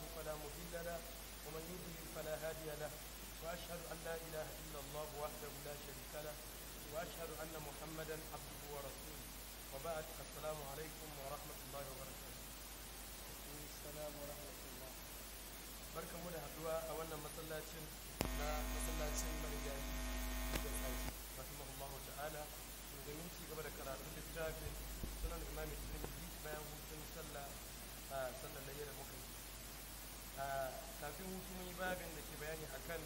الله فلا مضل له ومن يضلل فلا هادي له وأشهد أن لا إله إلا الله وحده لا شريك له وأشهد أن محمدا عبده ورسوله وبعد السلام عليكم ورحمة الله وبركاته السلام ورحمة الله بركة مدى هدوى أولا مسلاتين لا مسلاتين من الجاهل رحمه الله تعالى domin ci gaba da karatun littafin sunan imamu بيان bayan صلى الله sallar da a kafin hutu mun yi babin da ke bayani akan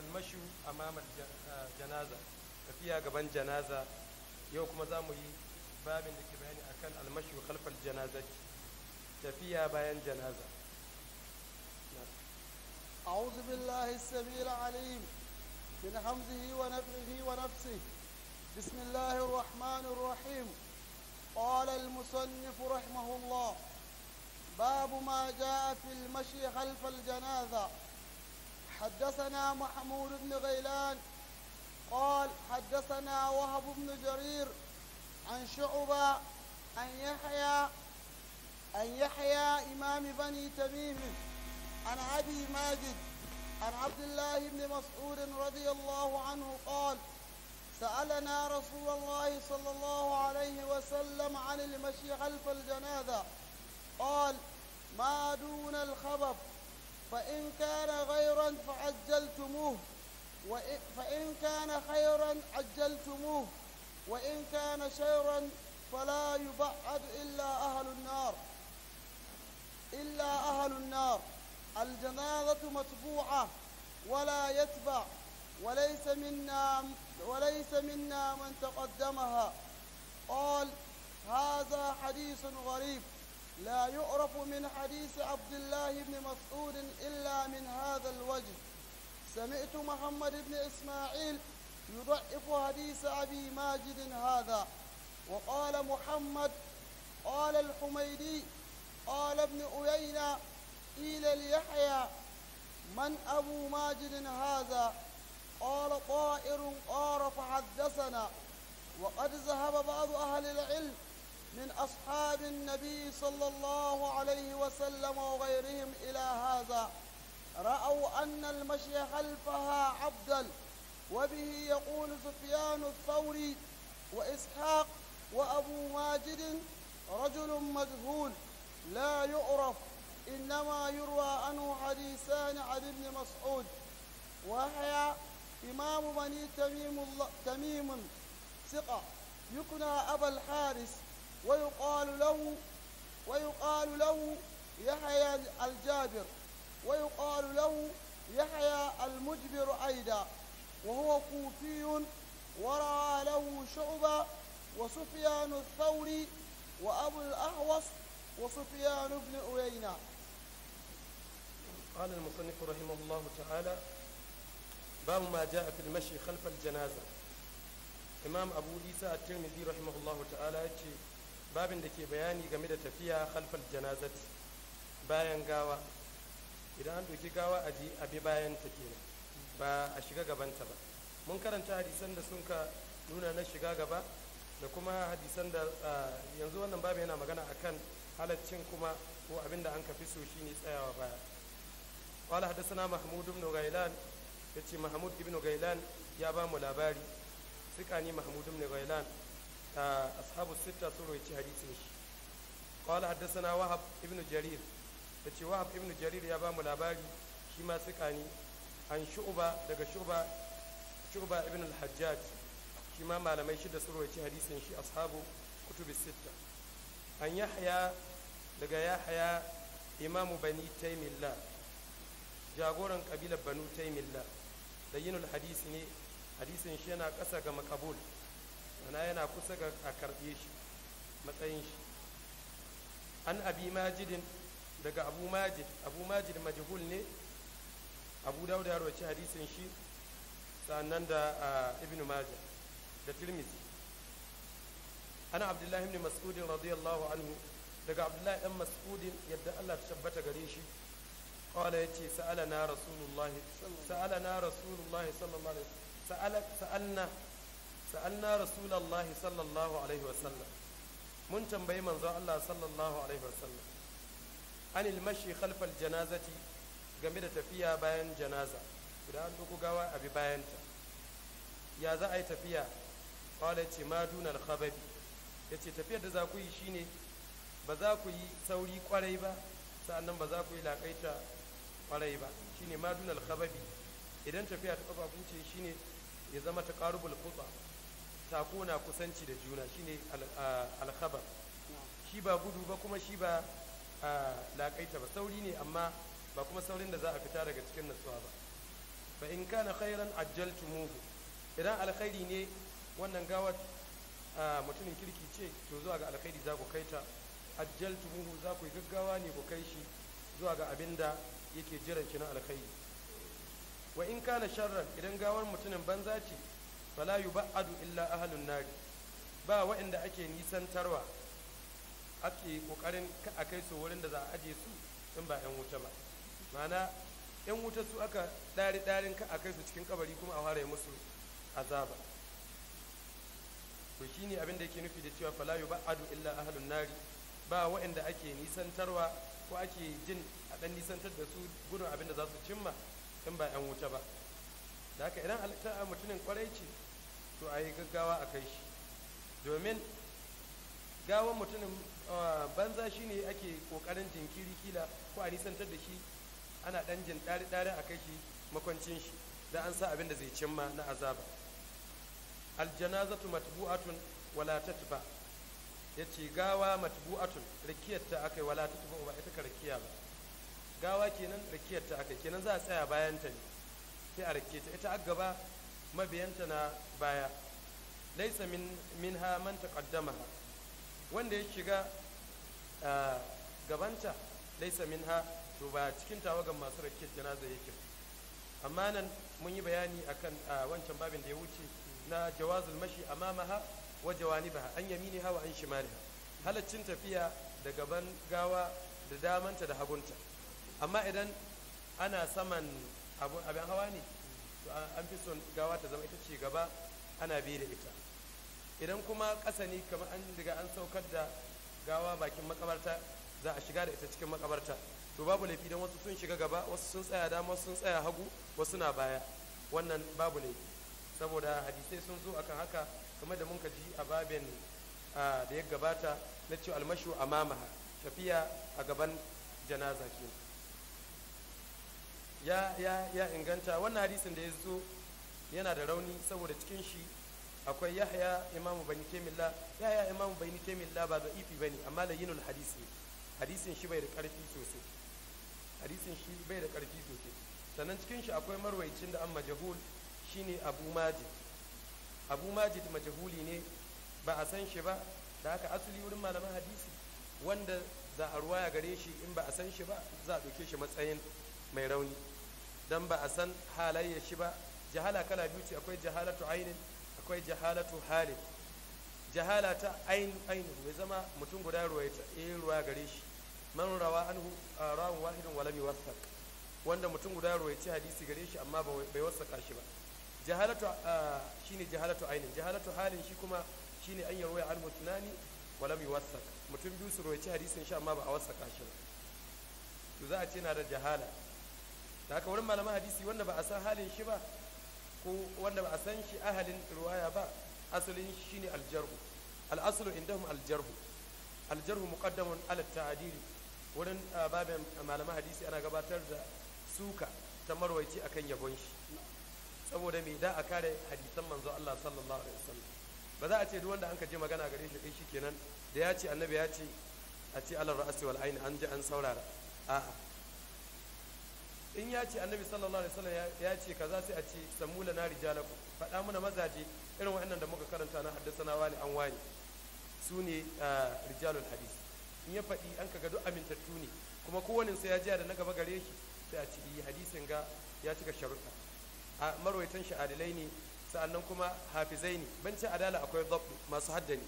almashu amamal janaza tafiya gaban janaza yau kuma za mu yi babin da ke bayani akan almashu khalfal janazati tafiya bayan janaza أعوذ بالله السميع العليم من حمزه ونفعه ونفسه بسم الله الرحمن الرحيم قال المصنف رحمه الله باب ما جاء في المشي خلف الجنازة حدثنا محمود بن غيلان قال حدثنا وهب بن جرير عن شعبة عن يحيى عن يحيى إمام بني تميم عن أبي ماجد عن عبد الله بن مسعود رضي الله عنه قال سألنا رسول الله صلى الله عليه وسلم عن المشي خلف الجنازة قال ما دون الخبر فإن كان غيرا فعجلتموه فإن كان خيرا عجلتموه وإن كان شيرا فلا يبعد إلا أهل النار إلا أهل النار الجنازة متبوعة ولا يتبع وليس منا وليس منا من تقدمها قال هذا حديث غريب لا يعرف من حديث عبد الله بن مسعود إلا من هذا الوجه سمعت محمد بن إسماعيل يضعف حديث أبي ماجد هذا وقال محمد قال الحميدي قال ابن أيينة قيل ليحيى من أبو ماجد هذا قال طائر قار فحدثنا وقد ذهب بعض أهل العلم من أصحاب النبي صلى الله عليه وسلم وغيرهم إلى هذا رأوا أن المشي خلفها عبدل وبه يقول سفيان الثوري وإسحاق وأبو ماجد رجل مجهول لا يعرف إنما يروى عنه حديثان عن ابن مسعود وهي إمام بني تميم, تميم ثقة يكنى أبا الحارث ويقال له ويقال له يحيى الجابر ويقال له يحيى المجبر أيضا وهو كوفي ورعى له شعبة وسفيان الثوري وأبو الأهوص وسفيان بن أيينة قال المصنف رحمه الله تعالى باب ما جاء في المشي خلف الجنازة إمام أبو عيسى الترمذي رحمه الله تعالى يتشي babin da ke bayani game da tafiya khalfal janazat bayan gawa idan an doki gawa a ji abi bayan ta kenan ba a shiga gabanta ba mun karanta hadisan da ka nuna na shiga gaba da kuma hadisan da yanzu wannan babu yana magana akan halaccin kuma ko abin da an kafi so shine tsayawa baya qala hadathana mahmud ibn ghailan yace mahmud ibn ghailan ya ba mu labari sikani mahmud ibn ghailan ashabu sita sun roci hadisin shi qala haddathana wahab ibn jarir tace wahab ibn jarir ya ba mu labari shi ma suka ne an shu'ba daga shu'ba shu'ba ibn al shi ma malamai shida sun roci hadisin shi ashabu kutubi sita an yahya daga Yahaya imamu bani taymillah jagoran kabilar banu da yin hadisi ne hadisin shi yana ƙasa ga makabul ana yana kusa ga a karɓe shi matsayin shi an abi majidin daga abu majid abu majid majhul ne abu dawud ya roci hadisin shi sannan da ibn Majid da tirmizi ana abdullahi ibn mas'udin radiyallahu anhu daga abdullahi Ibn mas'udin yadda Allah ta tabbata gare shi qala yace sa'alana rasulullahi sa'alana rasulullahi sallallahu alaihi wasallam sa'alna sa'anna rasulallahi sallallahu alaihi wasallam mun tambayi manzo Allah sallallahu alaihi wasallam anil mashi khalfal janazati game da tafiya bayan janaza idan an duku gawa abi bayanta ya za a yi tafiya kwale ce ma dunar khababi tafiyar da za ku yi shine ba za ku yi sauri kwarai ba sa'annan ba za ku yi lakaita kwarai ba shine ma dunar khababi idan tafiya ta kafa kun ce shine ya zama ta karu kuba tako na kusanci da juna shine alkhabar shi ba gudu ba kuma shi ba laƙaita ba sauri ne amma ba kuma saurin da za a fita daga cikin natsuwa ba fa in kana khairan ajjaltumuhu idan alkhairi ne wannan gawar mutumin kirki ce to zuwa ga alkhairi za ku kaita ajjaltumuhu za ku yi gaggawa ne ku kai shi zuwa ga abin da yake jiran shi na alkhairi wa in kana sharran idan gawar mutumin banza ce fala adu illa ahalun nari ba waɗanda ake nisantarwa ake kokarin a kai su wurin da za a aje su in ba yan wuta ba ma'ana yan wuta su aka dari darin ka a kai su cikin kabari kuma a fara musu azaba to shine abin da yake nufi da cewa fala adu illa ahalun nari ba waɗanda ake nisantarwa ko ake jin a ɗan nisantar da su gudun abin da za su cimma in ba 'yan wuta ba da haka idan mutumin kwarai ce to a yi gaggawa a kai shi domin gawan mutumin banza shi ne ake kokarin jinkiri kila ko a nisantar da shi ana dan jin dare dare a kai shi makwancin shi da an sa abin da zai cimma na azaba aljanazatu matbu'atun wala tatba ya ce gawa matbu'atun rikiyar ta aka yi wala tatba ba ita ka rikiya ba gawa kenan rikiyar ta aka kenan za a tsaya bayan ta ne sai a rike ta ita a gaba mabiyanta na baya laisa min ha man taqaddama wanda ya shiga gabanta laisa min ha to ba cikin tawagan masu rakiyar janaza yake amma nan mun yi bayani akan wancan babin da ya wuce na jawazul mashi amamaha wa jawanibaha an yamini wa an shimaliha halaccin tafiya da gaban gawa da damanta da hagunta amma idan ana saman abin hawa ne to an fi son gawa ta zama ita ce gaba ana bi da ita idan kuma ƙasa ne kamar an riga an saukar da gawa bakin makabarta za a shiga da ita cikin makabarta to babu laifi don wasu sun shiga gaba wasu sun tsaya dama sun tsaya hagu wasu na baya wannan babu laifi saboda hadisai sun zo akan haka kamar da mun ka ji a babin da ya gabata na ce almashu mamaha tafiya a gaban janaza kenan ya ya ya inganta wannan hadisin da ya zo yana da rauni saboda cikin shi akwai yahya imamu bani kemilla yahya imamu bani kemilla ba da'ifi bane amma yinul hadisi hadisin shi bai da karfi sosai hadisin shi bai da karfi sosai sannan cikin shi akwai marwaicin da an majahul shine abu majid abu majid majahuli ne ba a san shi ba da haka asali wurin malaman hadisi wanda za a ruwaya gare shi in ba a san shi ba za a ɗauke shi matsayin mai rauni dan ba a san halayya shi ba jahala kala biyu ce akwai jahalatu ainin akwai jahalatu halin jahala ta ainu ainu mai zama mutum guda ruwa ya eh, ruwa gare shi man rawa anhu rawan wahidin walami wasa. wanda mutum guda ruwa ya hadisi gare shi amma bai wasa shi ba jahalatu shine jahalatu ainin jahalatu halin shi kuma shine an yarwaya al mutnani walami wasa. mutum biyu su ruwa ya hadisin shi amma ba a wasa shi ba to za a ce na da jahala da haka wurin malaman hadisi wanda ba a san halin shi ba ko wanda ba a san shi ahalin ruwaya ba asalin shi ne aljarhu inda indahum aljarhu aljarhu muqaddamun ala ta'dili wurin ah, babin malaman hadisi ana gabatar da suka ta marwaici akan yabon shi saboda me da a kare hadisan manzo Allah sallallahu alaihi wasallam ba za a ce duk wanda an ka je magana gare shi kai shikenan da ya ce annabi ya ce a ce alar ra'asi wal aini an ji an saurara a'a in ya ce annabi sallallahu alaihi wasallam ya ce kaza sai a ce samula na rijalakum faɗa mana mazaje irin waɗannan da muka karanta na haddasana wani an wani su ne rijalul hadis in ya faɗi an ka duk amintattu ne kuma kowane sai ya jiya da na gaba gare shi sai a ce eh, hadisin ga ya cika sharuɗa a marwaitan shi adalai ne sa'annan kuma hafizai ne ban ci adala akwai dhab masu haddani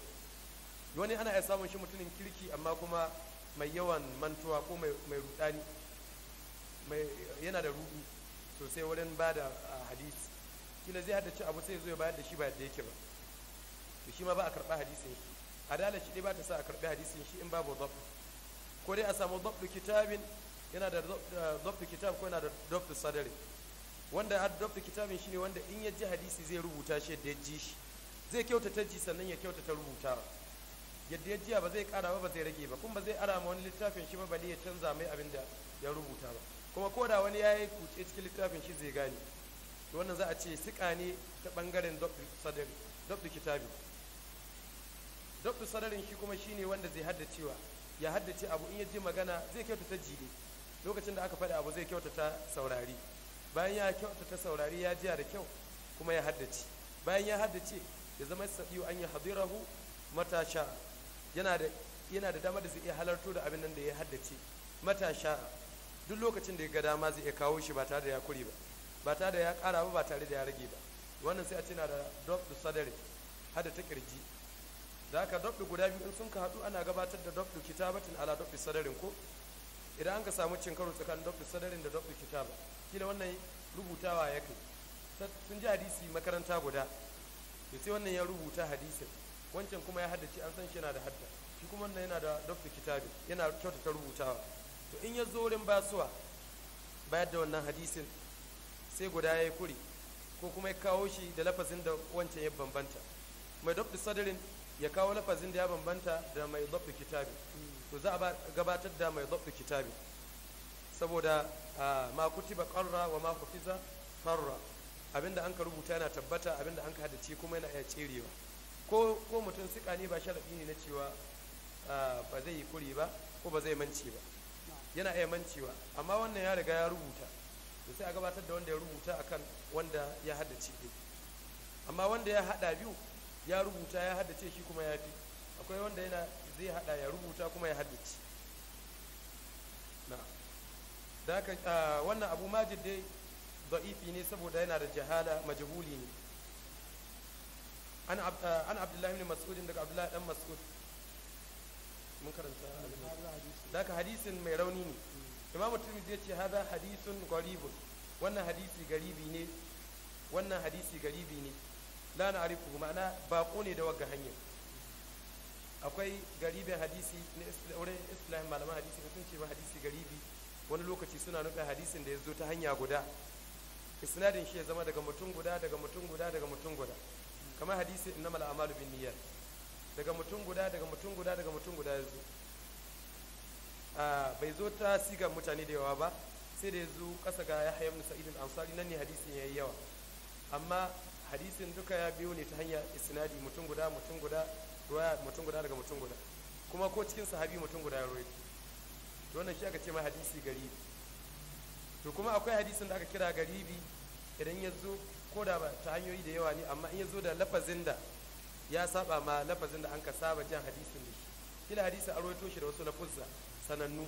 wani ana iya samun shi mutumin kirki amma kuma mai yawan mantuwa ko mai rudani yana da rudu sosai wurin ba da ah, hadisi kila zai haddace abu sai zo ya bayar da shi ba yadda yake ba to shi ma ba a karɓa hadisin shi adala shi dai ba ta sa a karɓi hadisin shi in babu zaɓu ko dai a samu zaɓu kitabin yana da zaɓu ah, kitab ko yana da zaɓu sadari wanda a zaɓu kitabin shi ne wanda in ya ji hadisi zai rubuta shi da ya ji shi zai kyautata ji sannan ya kyautata rubuta yadda ya jiya ba zai kara ba ba zai rage ba kuma ba zai ara ma wani littafin shi ba bale ya canza mai abin da ya rubuta ba kuma ko da wani ya yi kuce cikin littafin shi zai gane to wannan za a ce siƙa ne ta bangaren dr dabdu kitabi sadarin shi kuma shine wanda zai haddacewa ya haddace abu in ya ji magana zai kyautata jide lokacin da aka faɗi abu zai kyautata saurari bayan ya kyautata saurari ya jiya da kyau kuma ya haddace bayan ya haddace ya zama sabiyu an yi hadirahu matasha yana da yana da damar da zai iya halarto da abin nan da ya haddace matasha duk lokacin da ya ga dama zai iya kawo shi ba tare da ya kuri ba ba tare da ya kara ba ba tare da ya rage ba wannan sai a ce na da dabdu sadari hada ta kirji da aka dabdu guda biyu in sun ka haɗu ana gabatar da da kitabatin ala da sadarin ko idan an ka samu cin karo tsakanin da sadarin da da kitaba kila wannan rubutawa ya kai sun ji hadisi makaranta guda ya sai wannan ya rubuta hadisin wancan kuma ya haddace an san shi yana da hadda shi kuma wannan yana da da kitabi yana kyautata rubutawa to in ya zo wurin basuwa bayar da wannan hadisin sai guda ya yi kuri ko kuma ya kawo shi da lafazin da wancan ya bambanta mai dabda sadarin ya kawo lafazin da ya bambanta da mai dabda kitabi to za a gabatar da mai dabda kitabi saboda ma kutiba karra wa ma hufiza karra abinda an ka rubuta yana tabbata abinda an ka haddace kuma yana iya cerewa ko mutum sika ne ba sharaɗi ne na cewa ba zai yi kuri ba ko ba zai manci ba yana iya mancewa amma wannan ya riga ya rubuta da sai a gabatar da wanda ya rubuta akan wanda ya haddace ɗin amma wanda ya hada biyu ya rubuta ya haddace shi kuma ya fi akwai wanda yana zai hada ya rubuta kuma ya haddace na da wannan abu majid dai baifi ne saboda yana da jahala majhuli ne an abdullahi ne mas'udin daga abdullahi dan mas'ud mun karanta haka hadisin mai rauni ne imam mutum zai ce haza hadisun gharibun wannan hadisi garibi ne wannan hadisi garibi ne la na arifu ma'ana bako ne da wagga hanyar akwai garibin hadisi na wurin islam malaman hadisi sun ce ma hadisi garibi wani lokaci suna nufin hadisin da ya zo ta hanya guda isnadin shi ya zama daga mutum guda daga mutum guda daga mutum guda kamar hadisi na mala'amalu bin niyyat daga mutum guda daga mutum guda daga mutum guda ya zo Ah, bai zo ta sigar mutane da yawa ba sai da ya zo kasa ga ya hayan musa idin ansari nan ne hadisin ya yi yawa amma hadisin duka ya biyo ne ta hanyar isnadi mutum guda mutum guda ruwaya mutum guda daga mutum guda kuma ko cikin sahabi mutum guda ya roye to wannan shi aka ce ma hadisi garibi to kuma akwai hadisin da aka kira garibi idan ya zo ko da ba ta hanyoyi da yawa ne amma in ya zo da lafazin da ya saba ma lafazin da an ka saba jan hadisin da shi kila hadisin a rawaito shi da wasu lafuzza sanannu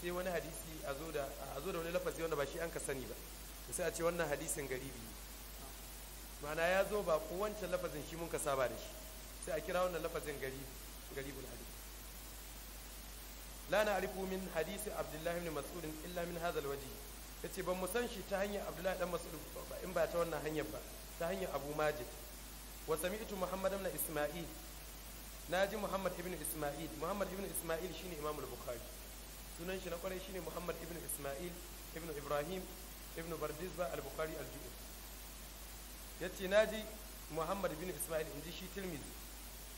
sai wani hadisi a zo da wani lafazi wanda ba shi an ka sani ba da sai a ce wannan hadisin garibi ma'ana ya zo ba ko wancan lafazin shi mun ka saba da shi sai a kira wannan lafazin garibi garibul hadis la na'rifu min hadisi abdullahi ibn mas'ud illa min hadha alwaji yace ban mu san shi ta hanyar abdullahi dan mas'ud ba in ba ta wannan hanyar ba ta hanyar abu majid wa sami'tu muhammad ibn isma'il na ji muhammad ibn isma'il muhammad ibn isma'il shine imamul al-bukhari sunan shi na kwarai shine muhammad ibn isma'il ibn ibrahim ibn bardizba al-bukhari al-ju'ud yace na ji muhammad ibn isma'il inji shi tirmizi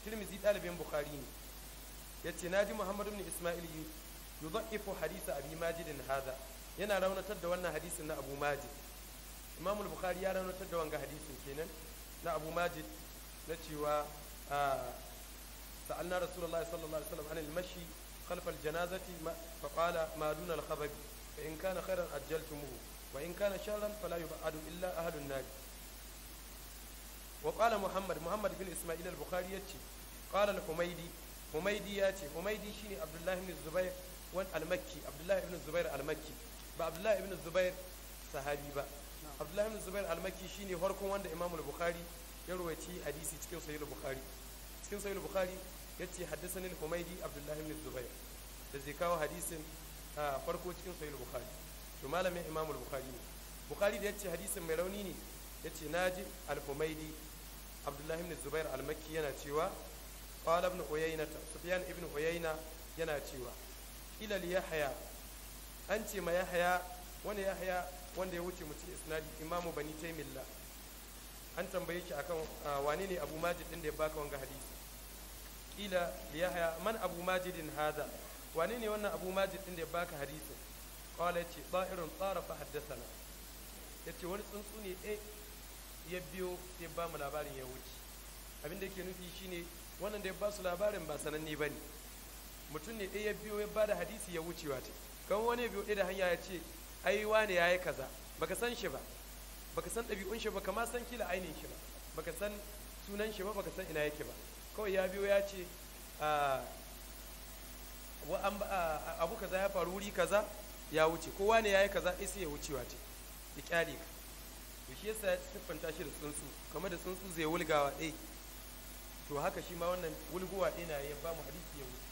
tirmizi dalibin bukhari ne yace na ji muhammad ibn isma'il yudhaifu hadisa abi majid hadha yana raunatar da wannan hadisin na abu majid imamul al-bukhari ya raunatar da wannan hadisin kenan na abu majid na cewa ah, سألنا رسول الله صلى الله عليه وسلم عن المشي خلف الجنازة فقال ما دون الخبب فإن كان خيرا أجلتموه وإن كان شرا فلا يبعد إلا أهل النار وقال محمد محمد بن إسماعيل البخاري يتي قال الحميدي حميدي ياتي حميدي شيني عبد الله بن الزبير وان المكي عبد الله بن الزبير المكي ba Abdullahi ibn Zubair sahabi ba Abdullahi ibn Zubair almaki shine farkon wanda Imam al-Bukhari ya rawaci hadisi cikin Sahih al-Bukhari cikin Sahih al-Bukhari yace haddathani al-humaydi abdullah ibn zubair da zai kawo hadisin a farko cikin sahih bukhari to malamin imam al-bukhari ne bukhari da yace hadisin mai rauni ne yace naji al-humaydi abdullah ibn zubair al-makki yana cewa qala ibn uyayna sufyan ibn uyayna yana cewa ila li yahya an ce ma yahya wani yahya wanda ya wuce mu cikin isnadi imamu bani taymillah an tambaye shi akan wane ne abu majid din da ya baka wanga hadisi ila yahya man abu majidin haza wani ne wannan abu majid din da ya baka hadisi ce ba irin tsara fa ya ce wani tsuntsu ne ɗai eh, ya biyo ya ba mu labarin ya wuce abin da yake nufi shine wannan da ya ba su labarin ba sananne ne? mutum ne ɗai eh, ya biyo ya ba da hadisi ya wucewa wata kan wani ya biyo ɗaya eh, da hanya ya ce ai wane yi kaza baka san shi ba baka san ɗabi'un shi ba kama san kila ainihin shi ba baka san sunan shi ba baka san ina yake ba kawai ya biyo ya ce abu kaza ya faru wuri kaza ya wuce kowa ne ya yi kaza isa ya wucewa ce ya kyale ka to shi yasa ya siffanta shi da tsuntsu kamar da tsuntsu zai wulgawa ɗai to haka shi ma wannan wulguwa na ya ba mu hadisi ya wuce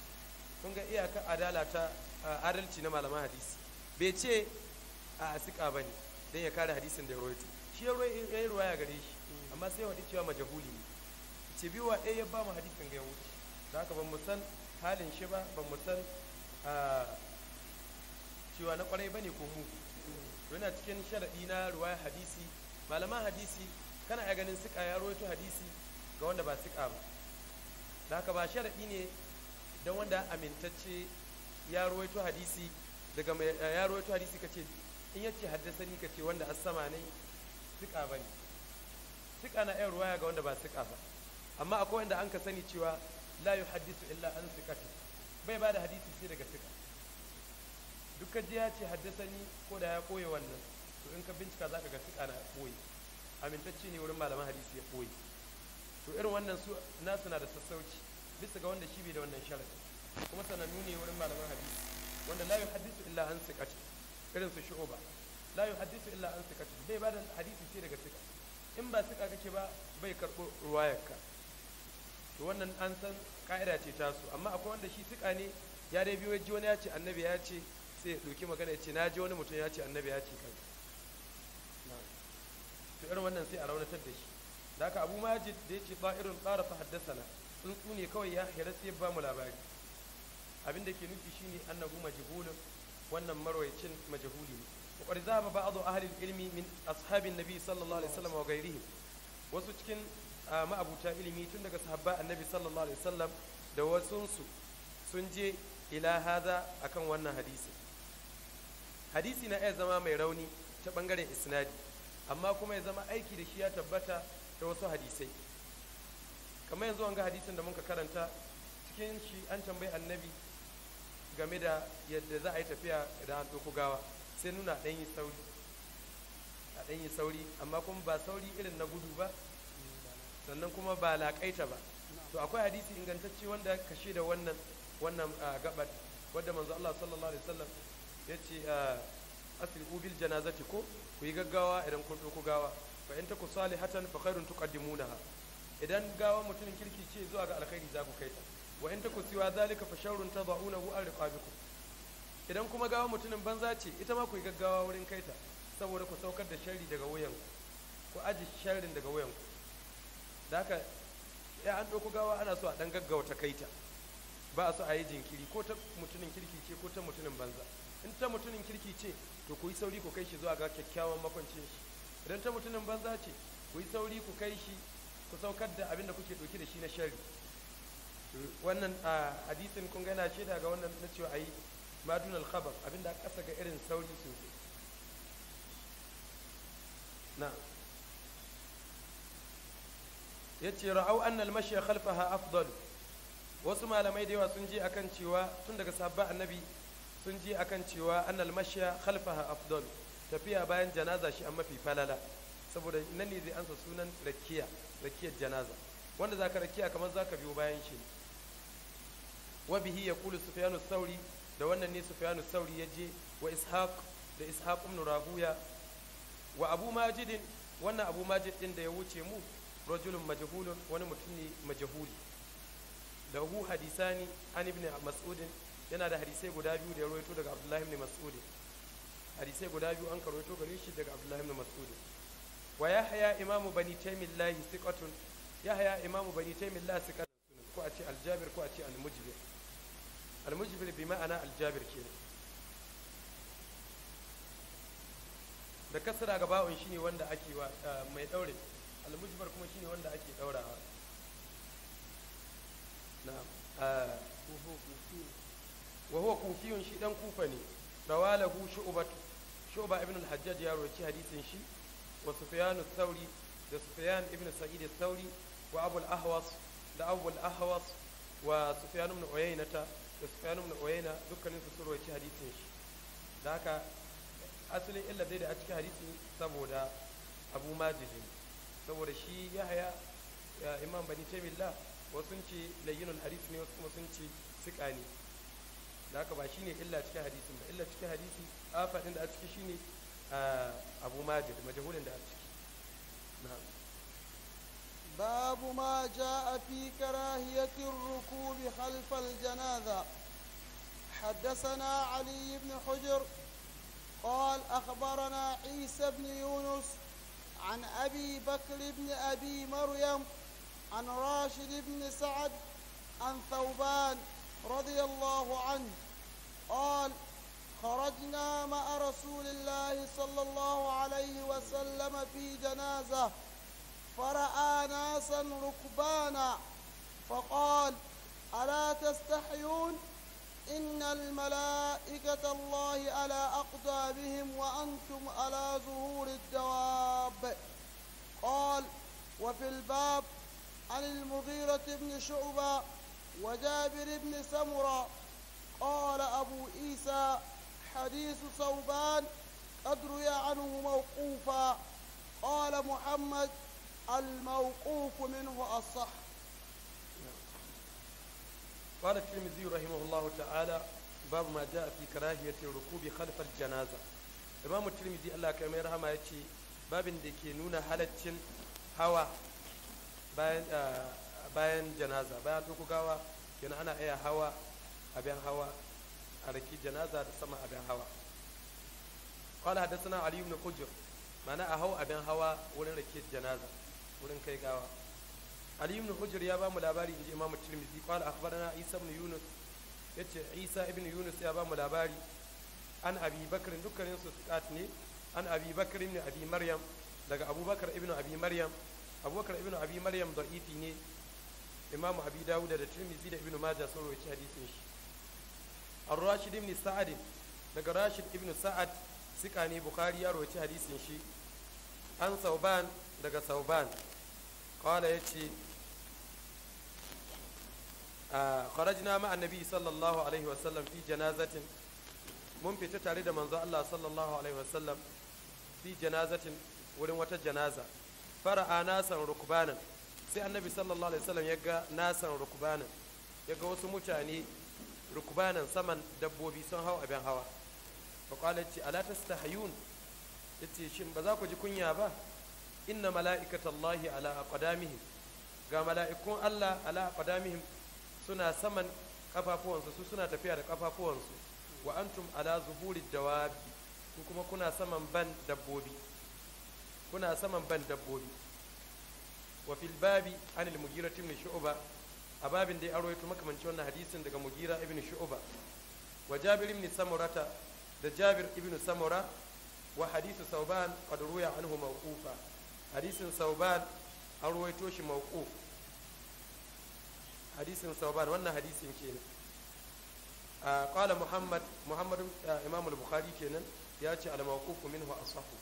kun ga iyakar adala ta adalci na malaman hadisi bai ce a asika ba ne don ya kare hadisin da ya rawaito shi ya yi ya gare shi amma sai ya faɗi cewa majahuli ne cibiwa ɗaya ya ba mu hadisin ga ya wuce da haka ban mu san halin shi ba ban mu san ah, cewa na kwarai ba ne ko mu yana cikin sharaɗi na ruwaya hadisi malaman hadisi kana ya ganin suka ya rawaito hadisi ga wanda ba suka ba da haka ba sharaɗi ne don wanda amintacce ya rawaito hadisi daga eh, ya rawaito hadisi ka ce in yace ka ce wanda as-sama ne suka ne suka na yan ruwaya ga wanda ba suka ba amma akwai wanda an ka sani cewa la hadisu illa an sikatu bai ba da hadisi sai daga suka dukkan ji ya ce haddasani ko da ya koye wannan to in ka bincika za ka ga suka na koye amintacci ne wurin malaman hadisi ya koye to irin wannan su nasu na da sassauci bisa ga wanda shi bai da wannan sharadi kuma sanannu ne wurin malaman hadisi wanda la hadisu illa an sikatu irin su shu'uba la hadisu illa an sikatu bai ba da hadisi sai daga suka in ba suka kake ba bai karɓo ruwayarka to wannan an san ka'ida ce ta tasu amma akwai wanda shi tuka ne ya dai biyo ji wani ya ce annabi ya ce sai ya ɗauki magana ya ce na ji wani mutum ya ce annabi ya ce kaza to irin wannan sai a raunatar da shi da haka abu majid da ya ce ba irin tsara fa haddasana tsuntsu ne kawai ya hira sai ba mu labari abin da ke nufi shine annabu majhulun wannan marwayacin majhuli ne za a وقد ذهب بعض أهل العلم من أصحاب النبي صلى الله wa وسلم Wasu cikin. A ma'abuta ilimi tun daga sahabba annabi sallallahu alaihi wasallam da wasunsu sun je ila hada akan wannan hadisi hadisi na iya zama mai rauni ta bangaren isnadi amma kuma ya zama aiki da shi ya tabbata ta wasu hadisai kamar yanzu an ga hadisin da muka karanta cikin shi an tambayi annabi game da yadda za a yi tafiya da an ɗauko gawa sai nuna ɗanyi sauri a ɗanyi sauri amma kuma ba sauri irin na gudu ba sannan kuma ba laƙaita ba to akwai hadisi ingantacce wanda kashe da wannan wannan ah, gabar wadda manzo Allah sallallahu alaihi wasallam yace ah, asri'u bil janazati ko ku yi gaggawa idan kun ɗauko gawa fa in taku salihatan fa khairun tuqaddimunaha idan gawa mutumin kirki ce zuwa ga alkhairi za ku kai ta wa in taku siwa zalika fa sharrun tad'unahu an riqabikum idan kuma gawa mutumin banza ce ita ma ku yi gaggawa wurin kai ta saboda ku saukar da sharri daga wuyan ku aji sharrin daga wuyan ku da haka ya an ɗauko gawa ana so a ɗan gaggauta kai ta ba a so a yi jinkiri ko ta mutumin kirki ce ko ta mutumin banza in ta mutumin kirki ce to ku yi sauri ku kai shi zuwa ga kyakkyawan makwancin shi idan ta mutumin banza ce ku yi sauri ku kai shi ku saukar da abin da kuke ɗauki da shi na shari wannan a hadisin kun gana ce daga wannan na cewa a yi madunan khabar abin da aka kasa ga irin sauri sosai na yace ra'au annal mashiya mashya khalfaha afdalu wasu malamai da yawa sun ji akan cewa tun daga sabbin annabi sun ji akan cewa annal mashiya mashya khalfaha afdalu tafiya bayan janaza shi an mafi falala saboda nan ne zai ansa sunan rakiya rakiyar janaza wanda zaka rakiya kamar zaka biyo bayan shi wa bihi yaqulu sufyanu sauri da wannan ne sufyanu sauri yaje wa ishaq da ishaq ibn rabuya wa abu majid wannan abu majid din da ya wuce mu rajulun majahulun wani mutum ne majahuli. Da hu hadisani an ibn Mas'udin yana da hadisai guda biyu da ya rawaito daga abdullahi ibn mas'ud hadisai guda biyu an karoto gare shi daga abdullahi ibn mas'ud wa yahya imamu bani taymillahi thiqatun yahya imamu bani taymillahi thiqatun ko a ce aljabir ko a ce almujbir almujbir bi ma'ana aljabir kenan da kasara ga shine wanda ake wa eh, mai daure almujbar kuma shine wanda ake daurawa na'am ah. wa huwa kufiyun shi dan kufa ne rawalahu shu'bat shu'ba ibn al-hajjaj ya rawaci hadithin shi wa sufyan ath-thawri da sufyan ibn sa'id ath-thawri wa abu al-ahwas da abu al-ahwas wa sufyan ibn uyaynata da sufyan ibn uyayna dukkanin su rawaci hadithin shi da haka asalin illa dai da a cikin hadithin saboda abu majid saboda shi ya haya imam bani taimillah wasu sun ce layyinul hadis ne wasu kuma sun ce siƙa ne da haka ba shi ne illa cikin hadisin ba illa cikin hadisi a faɗin da a ciki shi ne abu majid majahulin da a ciki babu ma ja a fi في كراهية الركوب halfal janaza حدثنا علي بن حجر قال أخبرنا عيسى بن يونس عن أبي بكر بن أبي مريم عن راشد بن سعد عن ثوبان رضي الله عنه قال خرجنا مع رسول الله صلى الله عليه وسلم في جنازة فرأى ناسا ركبانا فقال ألا تستحيون؟ إن الملائكة الله على أقدامهم وأنتم على ظهور الدواب قال وفي الباب عن المغيرة بن شعبة وجابر بن سمرة قال أبو عيسى حديث ثوبان قد روي عنه موقوفا قال محمد الموقوف منه أصح قال الترمذي رحمه الله تعالى باب ما جاء في كراهية الركوب خلف الجنازة إمام الترمذي الله كما يرحمه يتي باب دكي نونا حالة هوا باين bayan janaza bayan duk gawa كنا أنا iya هوا أبين هوا أركي جنازة janaza أبين هوا قال حدثنا علي بن قجر معناه أهو أبين هوا ولن ركيت جنازة ولن كي قاوة ali ibn hujr ya ba mu labari inji imam tirmidhi qala akhbarana isa ibn yunus yace isa ibn yunus ya ba mu labari an abi bakr dukkanin ne an abi ibn daga abubakar ibn abi abubakar ibn abi maryam da'ifi ne imamu abi dawud da tirmidhi da ibn majah sun rawaita hadisin shi ar-rashid ibn sa'ad daga rashid ibn sa'ad sika ne bukhari ya rawaita hadisin shi an sauban daga sauban qala yace Ah, Kwarajina ma sallallahu alaihi wasallam fi janazatin mun fita tare da manzo Allah sallallahu alaihi wasallam fi janazatin wurin wata janaza fara'a nasan rukbanan sai annabi sallallahu alaihi wasallam ya ga nasan rukbanan ya ga wasu mutane rukbanan saman dabbobi sun hau abin hawa faƙalar ce ala tastahayun ya ce shin ba za ku ji kunya ba inna mala'ikatallahi ala aqdamihim ga mala'ikun Allah ala aqdamihim suna saman kafafuwansu su suna tafiya da kafafuwansu wa antum ala zuhuri dawabi ku kuma kuna saman ban dabbobi kuna saman ban dabbobi wa fil babi an al mugira ibn shu'ba a babin da ya arwaito makamanci wannan hadisin daga mugira ibn shu'ba wa jabir ibn samurata da jabir ibn samura wa hadisu sauban qad ruya anhu mawqufa hadisin sauban an ruwaito shi mawquf hadisin sabar wannan hadisin kenan qala muhammad muhammad imamul bukhari kenan ya ce al-mawqufu minhu asahu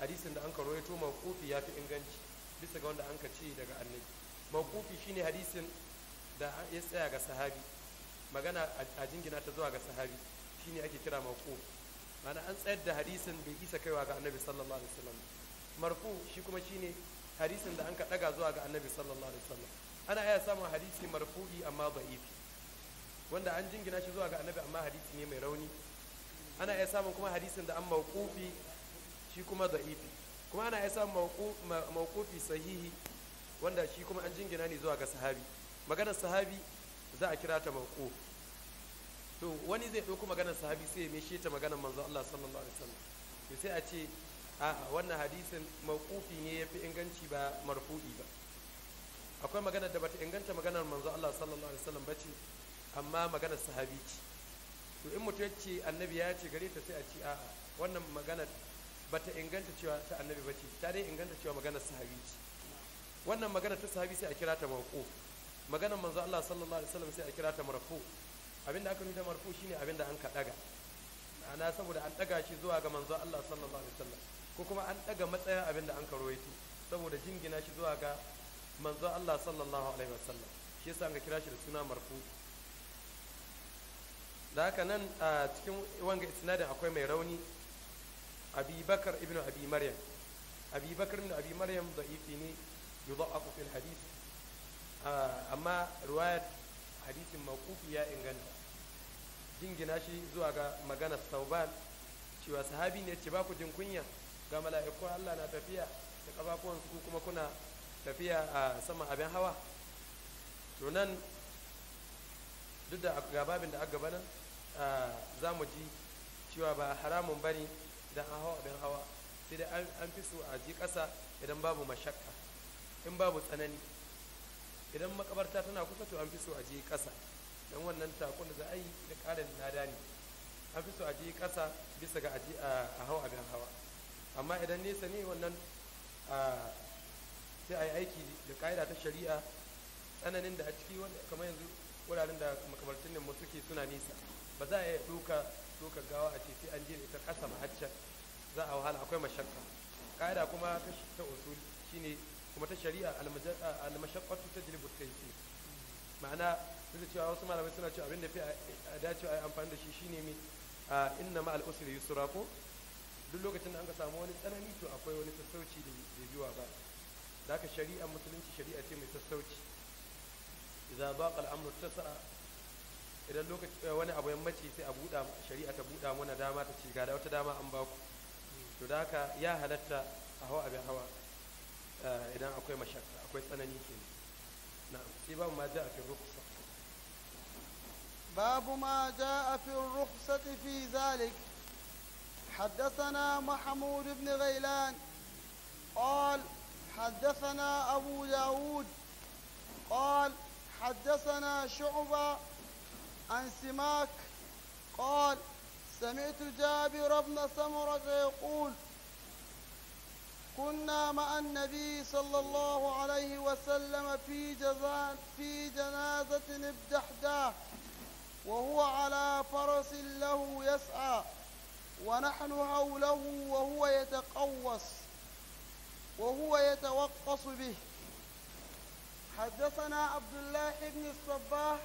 hadisin da an ka rawaito mawqufi yafi inganci bisa ga wanda an ka ce daga annabi mawqufi shine hadisin da ya tsaya ga sahabi magana a jingina ta zuwa ga sahabi shine ake kira mawquf mana an tsayar da hadisin bai isa kaiwa ga annabi sallallahu alaihi wasallam marfu shi kuma shine hadisin da an ka daga zuwa ga annabi sallallahu alaihi wasallam ana iya samun hadisi marfu'i amma ba'ifi wanda an jingina shi zuwa ga annabi amma hadisi ne mai rauni ana iya samun kuma hadisin da an mawqufi shi kuma da'ifi kuma ana iya samun mawqufi sahihi wanda shi kuma an jingina ne zuwa ga sahabi maganar sahabi za a kira ta mawquf to wani zai ɗauko maganar sahabi sai ya mishe ta maganar manzo Allah sallallahu alaihi wasallam to sai a ce a'a wannan hadisin mawqufi ne yafi inganci ba marfu'i ba akwai magana da bata inganta maganar manzo Allah sallallahu alaihi wasallam bace amma maganar sahabi ce to in mutum yace annabi ya ce gare ta sai a ce a'a wannan magana bata inganta cewa ta annabi bace ta dai inganta cewa maganar sahabi ce wannan magana ta sahabi sai a kira ta mawqu maganar manzo Allah sallallahu alaihi wasallam sai a kira ta marfu abinda aka nuna marfu shine abinda an ka daga ana saboda an daga shi zuwa ga manzo Allah sallallahu alaihi wasallam ko kuma an daga matsayin abinda an ka rawaito saboda jingina shi zuwa ga manzo Allah sallallahu alaihi wasallam shi yasa an kira shi da suna marfu da haka nan a cikin wanga isnadin akwai mai rauni abi bakar ibn abi maryam abi ibn abi maryam da'ifi ne yudha'afu fil hadith amma riwayat hadisin mawqufi ya inganta jingina shi zuwa ga magana sauban cewa sahabi ne ce ba ku jin kunya ga mala'iku Allah na tafiya da kafafuwan su kuma kuna tafiya a saman abin hawa to nan duk da gababin da aka gaba nan za mu ji cewa ba haramun ne idan an hawa abin hawa sai dai an fi so a ji ƙasa idan babu mashakka in babu tsanani idan makabarta tana kusa to an fi so a ji ƙasa don wannan takon da za a yi da ƙarin nada ne an fi so a ji ƙasa bisa ga a hau abin hawa amma idan nesa ne wannan sai a yi aiki da ka'ida ta shari'a tsananin da a ciki kamar yanzu wuraren da makamarcin mu suke suna nisa ba za a iya ɗauka ɗaukar gawa a ce sai an je ita ƙasa mahaccan za a wahala akwai mashakka ka'ida kuma ta usul shine kuma ta shari'a almashaqqatu tajlibu at-taysir ma'ana duk cewa wasu malamai suna cewa abin da fi a dace a yi amfani da shi shine mai a inna ma al yusra ko duk lokacin da an ka samu wani tsanani to akwai wani sassauci da bai biwa ba da haka shari'a musulunci shari'a ce mai sassauci idza baqa al-amru tasara idan lokaci wani abu yammaci sai a buɗa shari'a ta buɗa mana dama ta ce ga da wata dama an baku to da haka ya halatta a hawa abin hawa idan akwai mashakka akwai tsanani ke na'am sai babu ma ja'a fi rukhsa babu ma ja'a fi rukhsati fi zalik حدثنا محمود بن غيلان قال حدثنا أبو داود قال حدثنا شعبة عن سماك قال سمعت جابر بن سمرة يقول كنا مع النبي صلى الله عليه وسلم في جزان في جنازة ابدحداه وهو على فرس له يسعى ونحن حوله وهو يتقوس وهو يتوقص به حدثنا عبد الله بن الصباح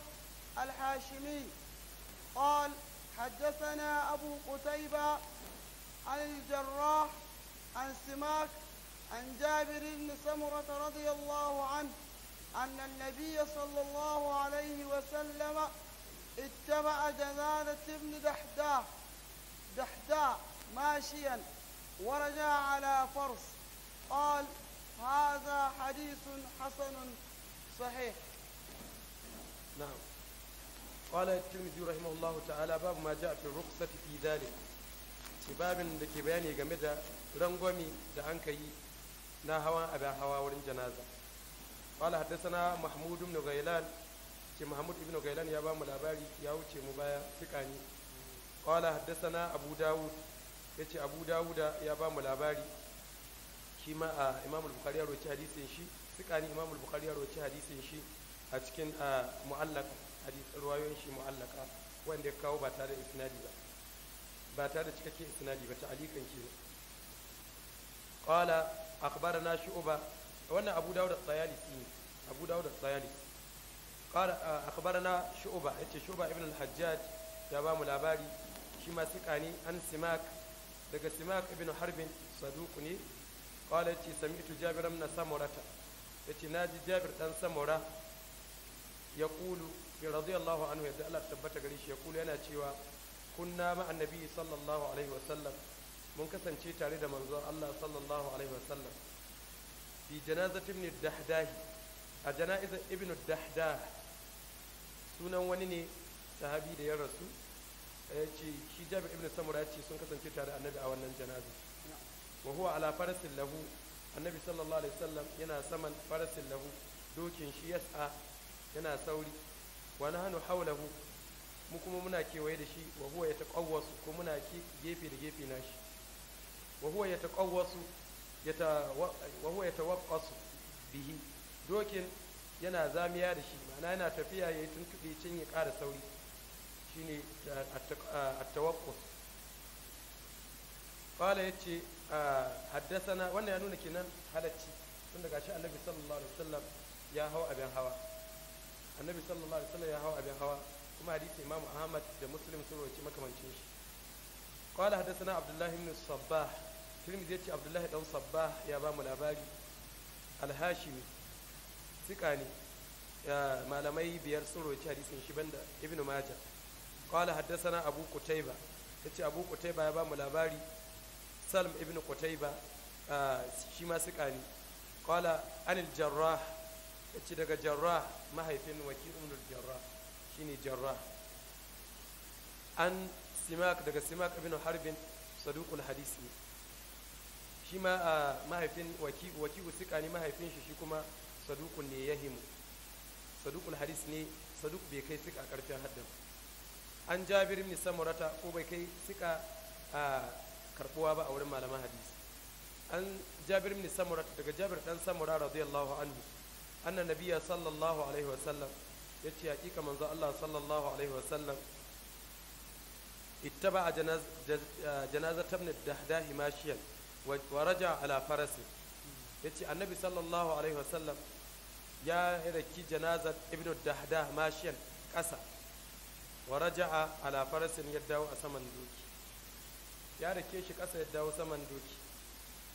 الحاشمي قال حدثنا أبو قتيبة عن الجراح عن سماك عن جابر بن سمرة رضي الله عنه أن النبي صلى الله عليه وسلم اتبع جنازة ابن دحداح دحداح ماشيا ورجع على فرس قال هذا حديث حسن صحيح نعم قال الترمذي رحمه الله تعالى باب ما جاء في الرخصة في da ke bayani game da rangwami da an ka yi na hawan abin hawa janaza wala haddasana mahmud ibn ya ba mu labari ya wuce mu baya fika abu dawud ya ce abu dawud ya ba mu labari shi ma a imamul al-bukhari ya roci hadisin shi sikani ni imamul bukhari ya roci hadisin shi a cikin mu'allaka hadis ruwayoyin shi mu'allaka wanda ya kawo ba tare da isnadi ba ba tare da cikakken isnadi ba ta ta'alikan ke qala akhbarana shu'ba wannan abu dawud at-tayalisi abu dawud at-tayalisi qala akhbarana shu'ba yace shu'ba ibn al-hajjaj ya ba mu labari shi ma sikani an simak daga simak ibn harbin saduq ne ce yace sami'tu jabir ibn samurata na ji jabir ɗan samura ya kulu ya radiyallahu anhu yadda Allah tabbata gare shi ya kulu yana cewa kunna ma annabi sallallahu alaihi wa sallam mun kasance tare da manzon Allah sallallahu alaihi wa sallam fi janazati ibn dahdah a janaizar ibn dahdah sunan wani ne sahabi da ya rasu ya ce shi jabir ibn samura ya ce sun kasance tare annabi a wannan janazar wa huwa ala farasin lahu annabi sallallahu alaihi wasallam yana saman farasin lahu dokin shi yas'a yana sauri wa nahnu hawlahu mu kuma muna kewaye da shi wa huwa yataqawwasu ko muna gefe da gefe na shi wa huwa yataqawwasu wa huwa yatawaqqasu bihi dokin yana zamiya da shi ma'ana yana tafiya yayi tuntube cin ya ƙara sauri shine eh, at-tawaqqus qala yace haddasana wannan ya nuna kenan halacci tunda gashi annabi sallallahu alaihi wasallam ya hawa abin hawa annabi sallallahu alaihi wasallam ya hawa abin hawa kuma hadisi imam ahmad da muslim sun rawaci makamancin shi qala haddathana abdullah ibn sabbah tirmidhi yace abdullah dan sabbah ya ba mu labari al-hashimi ne malamai biyar sun rawaci hadisin shi banda ibn majah qala haddathana abu qutayba yace abu qutayba ya ba mu labari salim ibn qutayba ah, shi ma suka ne qala anil jarrah ci daga jarra mahaifin umar jarra shi ne jarra an simak daga simak ibn harbin saduqul hadisi ne shi ma a ah, mahaifin waki'u waki'u suka ne mahaifin shi shi kuma saduqun ne ya himu saduqul hadis ne saduq bai kai suka karfin haddin an jabir ibn samurata ko bai kai suka karbuwa ba a wurin malaman hadisi an jabir ibn samura daga jabir dan samura radiyallahu anhu anna nabiyya sallallahu alaihi wa sallam yace hakika manzo Allah sallallahu alaihi wa sallam ittaba janaz eh, janazat ibn dahdahi mashiyan wa raja ala farasi yace annabi sallallahu alaihi wa sallam ya raki janazat ibn dahdah mashiyan kasa wa raja'a ala farasin ya dawo a saman duki ya rake shi ƙasa ya dawo saman doki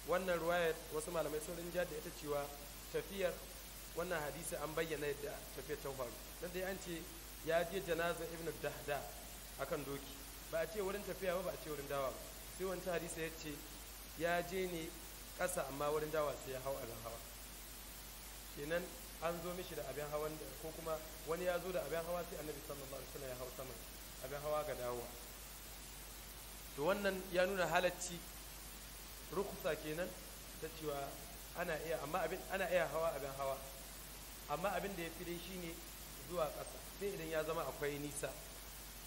wannan ruwayar wasu malamai sun rinjar da ita cewa tafiyar wannan hadisi an bayyana yadda tafiyar ta faru dan dai an ce ya je janazar ibn dahda akan doki ba a ce wurin tafiya ba ba a ce wurin dawa ba sai wani hadisi ya ce ya je ne ƙasa amma wurin dawa sai ya hau abin hawa kenan an zo mishi da abin hawan ko kuma wani ya zo da abin hawa sai annabi sallallahu alaihi wasallam ya hau saman abin hawa ga dawowa to wannan ya nuna halacci rukusa kenan ta cewa ana iya amma abin ana iya hawa abin hawa amma abin da ya fi dai shine zuwa ƙasa sai idan ya zama akwai nisa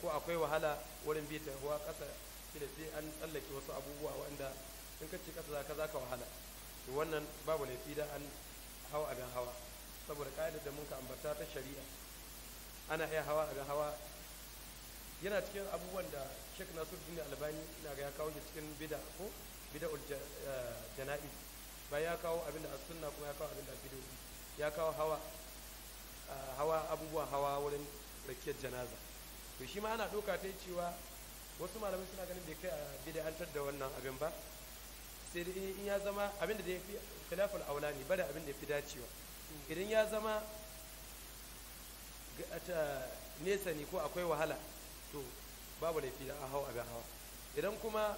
ko akwai wahala wurin bi ta hawa ƙasa kila sai an tsallake wasu abubuwa wanda in ka ce ƙasa za ka za wahala to wannan babu laifi da an hawa abin hawa saboda ka'ida da mun ka ambata ta shari'a ana iya hawa abin hawa yana cikin abubuwan da shek nasiruddin albani na ga ya kawo shi cikin bida ko bida eh, jana'i ba ya kawo abinda a sunna kuma ya kawo abinda a bidiyo ya kawo hawa eh, hawa abubuwa hawa wurin rakiyar janaza to shi ma ana doka ta cewa wasu malamai suna ganin bai kai a bid'antar da wannan abin ba sai dai in ya zama abin da ya fi khilaful aula ne bada abin da ya fi dacewa idan ya zama nesa ne ko akwai wahala to babu laifi da an hau abin hawa idan kuma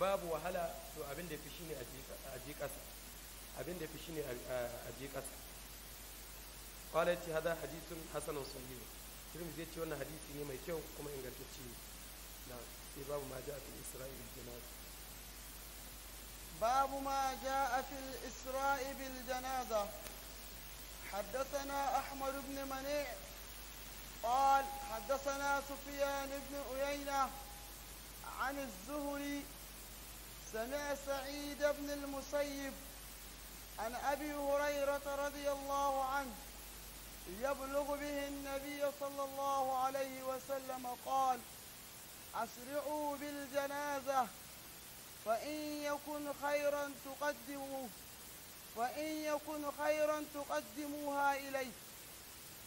babu wahala to abin da fi shine a ji kasa abin da fi shine a ji kasa qala ti hada hadithun hasanun sahih kirim zai yace wannan hadisi ne mai kyau kuma ingantacce na sai babu ma ja'a fi isra'il bil باب ما جاء في الإسراء بالجنازة حدثنا أحمد بن منيع قال حدثنا سفيان بن عيينة عن الزهري سمع سعيد بن المسيب عن أبي هريرة رضي الله عنه يبلغ به النبي صلى الله عليه وسلم قال أسرعوا بالجنازة فإن يكن خيرا تقدموه فإن يكن خيرا تقدموها إليه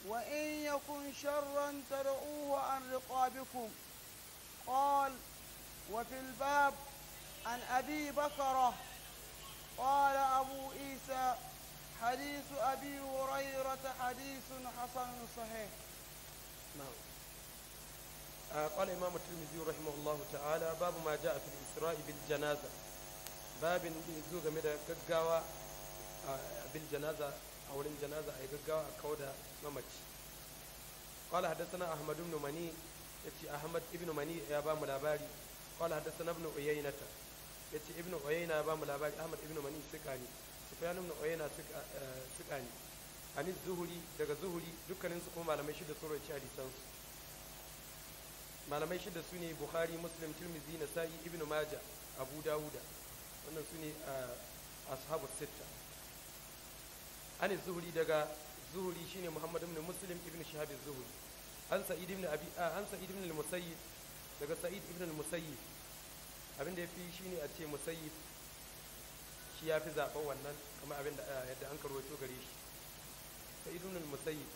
وإن يكن شرا تدعوه عن رقابكم قال وفي الباب عن أبي بكرة قال أبو عيسى حديث أبي هريرة حديث حسن صحيح نعم آه، قال الإمام الترمذي رحمه الله تعالى باب ما جاء في الإسراء بالجنازة باب يزوغ آه، بالجنازة أو الجنازة أي قاوة كودا mamaci قال حدثنا أحمد بن مني يتي أحمد ابن مني يا بام الأباري قال حدثنا ابن Ibn يتي ابن عيينة يا بام الأباري أحمد ابن مني سكاني سفيان بن عيينة سكاني عن الزهري daga زهري dukkanin su kuma malamai da sun ci hadisan su malamai da su ne Bukhari Muslim Tirmidhi Nasa'i Ibn maja Abu Dawuda wannan su ne eh, ashabu sitta an zuhuri daga zuhuri shine muhammad ibn muslim ibn shihab zuhuri an sa'id ibn abi an sa'id ibn al-musayyib daga sa'id ibn al-musayyib abin da yafi shine a ce musayyib shi ya fi zaben wannan kamar abin da yadda an karwato gare shi sa'id ibn al-musayyib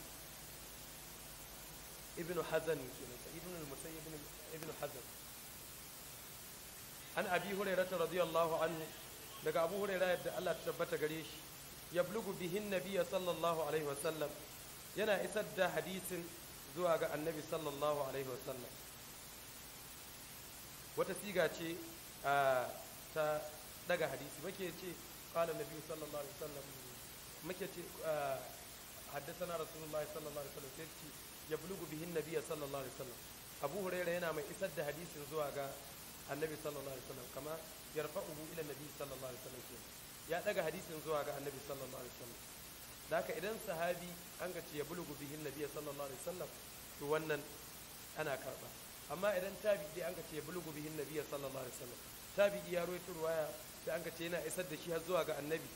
ibn hazan kenan sa'id ibn al-musayyib ibn hazan an abi hurairah radiyallahu anhu daga abu hurairah yadda Allah ta tabbata gare shi yablugu bihin Nabiya sallallahu alaihi wasallam yana isar da hadisin zuwa ga annabi sallallahu alaihi wasallam wata siga ce ta daga hadisi muke ce qala nabi sallallahu alaihi wasallam muke ce haddathana rasulullahi sallallahu alaihi wasallam sai ce yablugu bihin Nabiya sallallahu alaihi wasallam abu huraira yana mai isar da hadisin zuwa ga annabi sallallahu alaihi wasallam kama yarfa'uhu ila nabi sallallahu alaihi wasallam ya daga hadisin zuwa ga annabi sallallahu alaihi wasallam da haka idan sahabi an ga ce ya bulugu bihin nabi sallallahu alaihi wasallam to wannan ana karba amma idan dai an ga ce ya bulugu bihin nabi sallallahu alaihi wasallam tabi ya rawaito ruwaya sai an ga ce yana isar da shi har zuwa ga annabi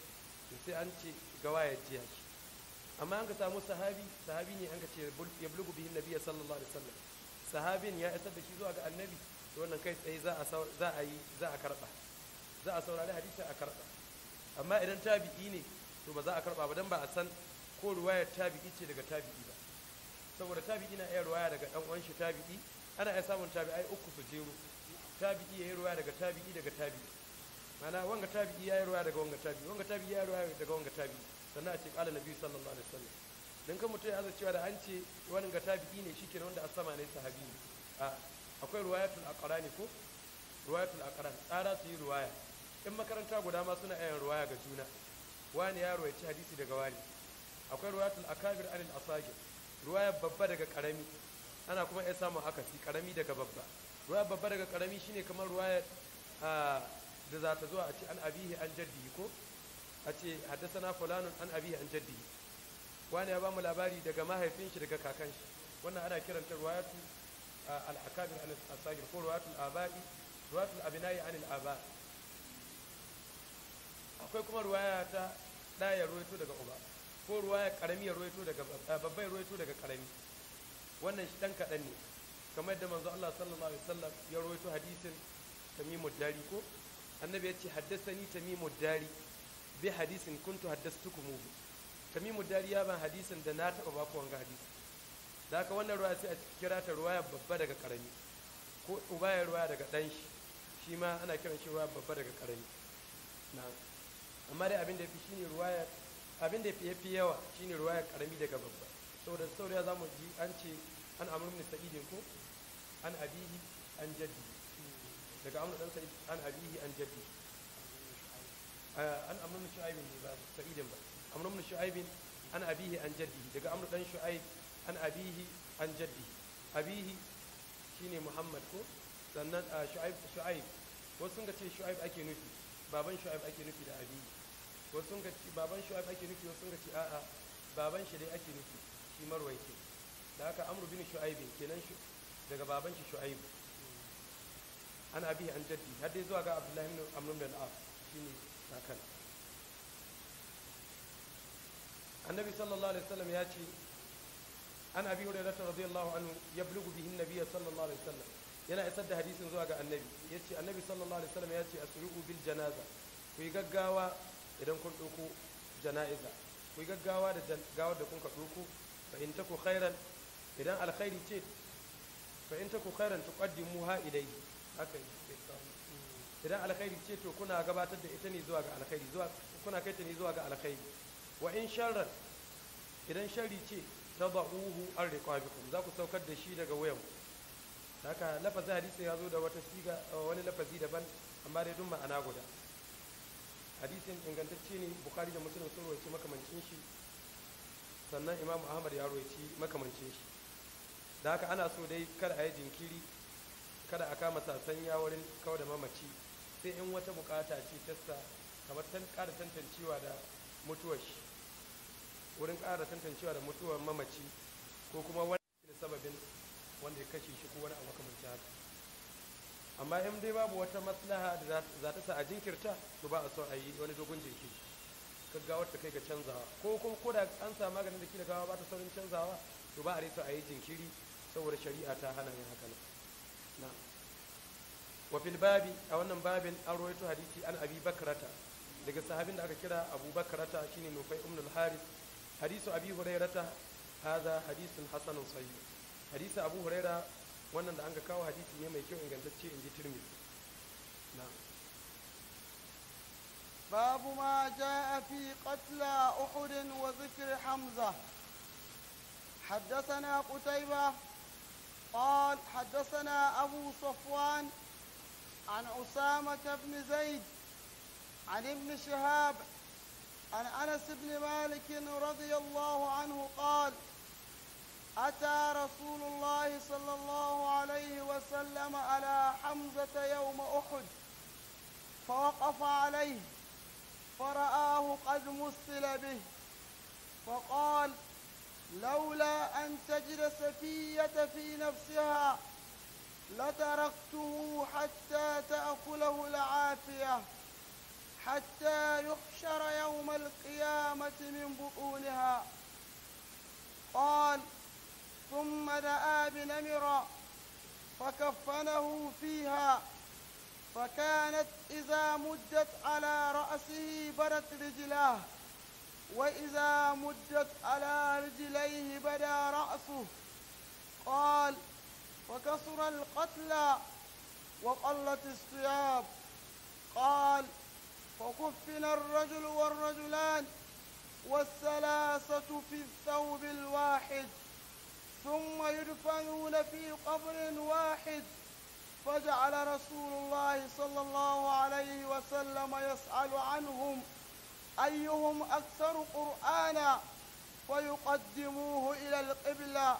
to sai an ce ga waya jiya shi amma an ga samu sahabi sahabi ne an ga ce ya bulugu bihin nabi sallallahu alaihi wasallam sahabin ya isar da shi zuwa ga annabi to wannan kai tsaye za a za a yi za a karba za a saurari hadisi a karba amma idan tabi'i ne to ba za a karba ba dan ba a san ko ruwayar tabi'i ce daga tabi'i ba saboda tabi'i na iya ruwaya daga dan uwan shi tabi'i ana iya samun tabi'i uku su jero tabi'i ya yi ruwaya daga tabi'i daga tabi'i mana wanga tabi'i ya yi ruwaya daga wanga tabi'i wanga tabi'i ya yi ruwaya daga wanga tabi'i sannan a ce kala nabi sallallahu alaihi wasallam dan kan mutum ya cewa da an ce wani ga tabi'i ne shikenan wanda asama ne sahabi ne a akwai ruwayatul aqrani ko ruwayatul aqran tsara su yi ruwaya in makaranta guda ma suna ayan ruwaya ga juna wani yaro ya ci hadisi daga wani akwai ruwayatul akabir anil asagir ruwaya babba daga karami ana kuma iya samun akasi karami daga babba ruwaya babba daga karami shine kamar ruwaya da za ta zuwa a ce an abihi an jaddihi ko a ce na fulanun an abihi an jaddihi wani ya ba mu labari daga mahaifin shi daga kakan shi wannan ana kiranta ruwayatu al-akabir anil asagir ko ruwayatul abai ruwayatul abinai anil abai akwai kuma ruwaya ta daya ya ruwaito daga uba ko ruwaya karami ya ruwaito daga babbai ruwaito daga karami wannan shi ɗan kaɗan ne kamar yadda manzo Allah sallallahu alaihi wasallam ya ruwaito hadisin tamimu dari ko annabi ya ce haddathani tamimu dari bi hadisin kuntu haddastukum bi tamimu dari ya ban hadisin da na taɓa ba ku wanga hadisi da haka wannan ruwaya sai a kira ta ruwaya babba daga karami ko uba ya ruwaya daga dan shi shi ma ana kiran shi ruwaya babba daga karami na'am amma dai abin da ya fi shine ruwaya abin da ya fi yawa shine ruwaya karami daga babba saboda sauriya za mu ji an ce an amur ne sa'idin ko an abihi an jaddi daga amur dan sa'id an abihi an jaddi an amur ne shu'aibin ne ba sa'idin ba amur ne shu'aibin an abihi an jaddi daga amur dan shu'aib an abihi an jaddi abihi shine muhammad ko sannan shu'aib shu'aib wasu sun ga ce shu'aib ake nufi baban shu'aib ake nufi da abihi wasu sun ga baban shu'aib ake nufi wasu sun ga ci a'a baban shi dai ake nufi shi marwaiki da haka amru bin shu'aib kenan shi daga baban shi shu'aib an abi an jaddi har dai zuwa ga abdullahi ibn amr bin al-as shine kakan annabi sallallahu alaihi wasallam ya ce an abi hurairah radiyallahu anhu yablugu bihi an-nabiy sallallahu alaihi wasallam yana isar da hadisin zuwa ga annabi yace annabi sallallahu alaihi wasallam ce asru'u bil janaza ku yi gaggawa idan kun ɗauko jana'iza ku gaggawa da gawar da kun ka ɗauko fa in ku khairan idan alkhairi ce fa in ku khairan ha idai haka idan alkhairi ce to kuna gabatar da ita ne zuwa ga alkhairi zuwa kuna kai ta ne zuwa ga alkhairi wa in sharran idan sharri ce ba'uhu an riqabikum za ku saukar da shi daga wuyan haka lafazin hadisi ya zo da wata siga wani lafazi daban amma dai dun ma'ana guda hadisin ingantacce ne bukari da muslim sun rawaci makamancin shi sannan imamu ahmad ya rawaci makamancin shi da haka ana so dai kada a yi jinkiri kada a kama sasanya wurin kawo da mamaci sai in wata bukata ce tassa kamar tan ƙara tantancewa da mutuwar shi wurin kara tantancewa da mutuwar mamaci ko kuma wani sababin wanda ya kashe shi ko wani abu makamancin haka amma in dai babu wata maslaha da za ta sa a jinkirta to ba a son a yi wani dogon jinkiri gaggawar ta kai ga canzawa ko kuma ko da an sa maganin da ke da gawa ba ta saurin canzawa to ba a rasa a yi jinkiri saboda shari'a ta hana yin haka na fil babi a wannan babin an rawaito hadisi an abi bakrata daga sahabin da aka kira abu bakrata shine nufai umnul haris hadisu abi hurairata hadha hadisun hasanun sahih Hadisu abu huraira wannan da an ga kawo hadisi ne mai kyau ingantacce in ji tirmidhi na'am باب ما جاء في قتلى أحد وذكر حمزة حدثنا قتيبة قال حدثنا أبو صفوان عن أسامة بن زيد عن ابن شهاب عن أنس بن مالك رضي الله عنه قال أتى رسول الله صلى الله عليه وسلم على حمزة يوم أحد فوقف عليه فرآه قد مثل به فقال لولا أن تجد سفية في نفسها لتركته حتى تأكله العافية حتى يحشر يوم القيامة من بطونها قال ثم دعا بنمرة فكفنه فيها فكانت إذا مدت على رأسه بدت رجلاه وإذا مدت على رجليه بدا رأسه قال فكسر القتلى وقلت الثياب قال فكفن الرجل والرجلان والثلاثة في الثوب الواحد ثم يدفنون في قبر واحد فجعل رسول الله صلى الله عليه وسلم يسأل عنهم أيهم أكثر قرآنا فيقدموه إلى القبلة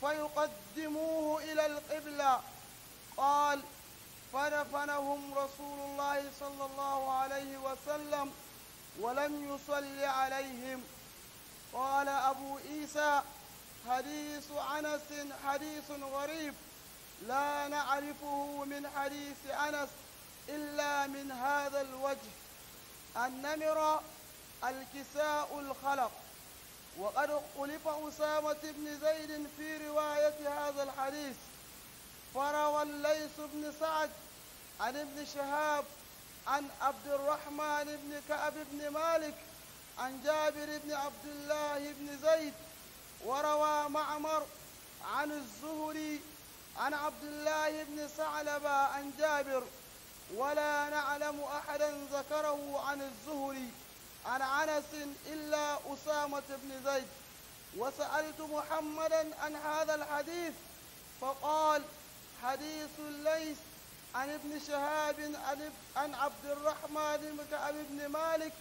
فيقدموه إلى القبلة قال فدفنهم رسول الله صلى الله عليه وسلم ولم يصل عليهم قال أبو عيسى حديث أنس حديث غريب لا نعرفه من حديث أنس إلا من هذا الوجه النمر الكساء الخلق وقد خلف أسامة بن زيد في رواية هذا الحديث فروى الليث بن سعد عن ابن شهاب عن عبد الرحمن بن كعب بن مالك عن جابر بن عبد الله بن زيد وروى معمر عن الزهري عن عبد الله بن ثعلبة عن جابر ولا نعلم أحدا ذكره عن الزهري عن أنس إلا أسامة بن زيد وسألت محمدا عن هذا الحديث فقال حديث ليس عن ابن شهاب عن عبد الرحمن بن كعب بن مالك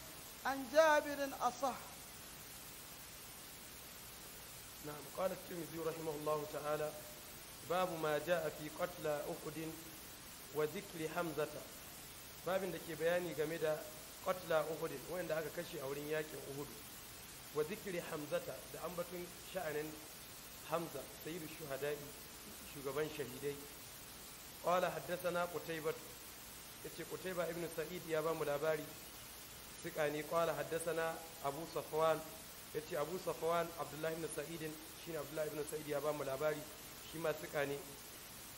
عن جابر أصح نعم قال الترمذي رحمه الله تعالى باب ما جاء في قتل أحد وذكر حمزة babin da ke bayani game da qatla uhud wanda aka kashe a wurin yakin uhud wa zikri hamzata da batun sha'anin hamza sayyidu shuhada'i shugaban shahidai qala haddathana yace qutayba ibn sa'id ya ba mu labari sika ne qala haddathana abu safwan ya ce abu safawan abdullahi ibn sa'idin shi ne abdullahi ibn sa'id ya ba mu labari shi ma suka ne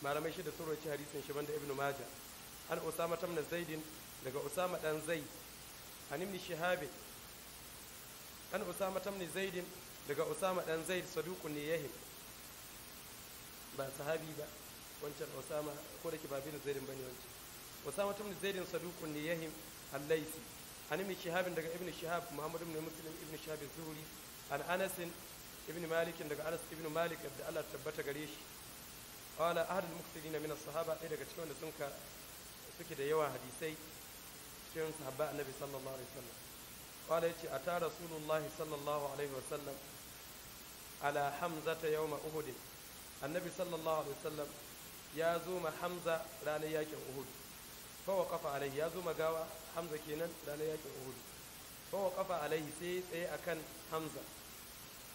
malamai shi da sun roci hadisin shi banda ibn maja an usama na zaidin daga usama dan zaid an ibn shihabi an usama na zaidin daga usama dan zaid saduqun ne yahim ba sahabi ba wancan usama ko da ke ba bin zaidin bane wancan usama na zaidin saduqun ne yahim al-laisi an ibn shihab daga ibn shihab muhammad ibn muslim ibn shihab zuhri an anas ibn malik daga anas ibn malik da Allah tabbata gare shi qala ahad al-muqtadin min sahaba daga cikin da sun suke da yawa hadisai cikin sahabba annabi sallallahu alaihi wasallam qala yace ata rasulullahi sallallahu alaihi wasallam ala hamzata yawma uhud annabi sallallahu alaihi wasallam ya zo ma hamza ranar yakin uhudu. fawa kafa alaihi ya zo magawa hamza kenan ranar yakin uhud fawa kafa alaihi sai tsaye akan hamza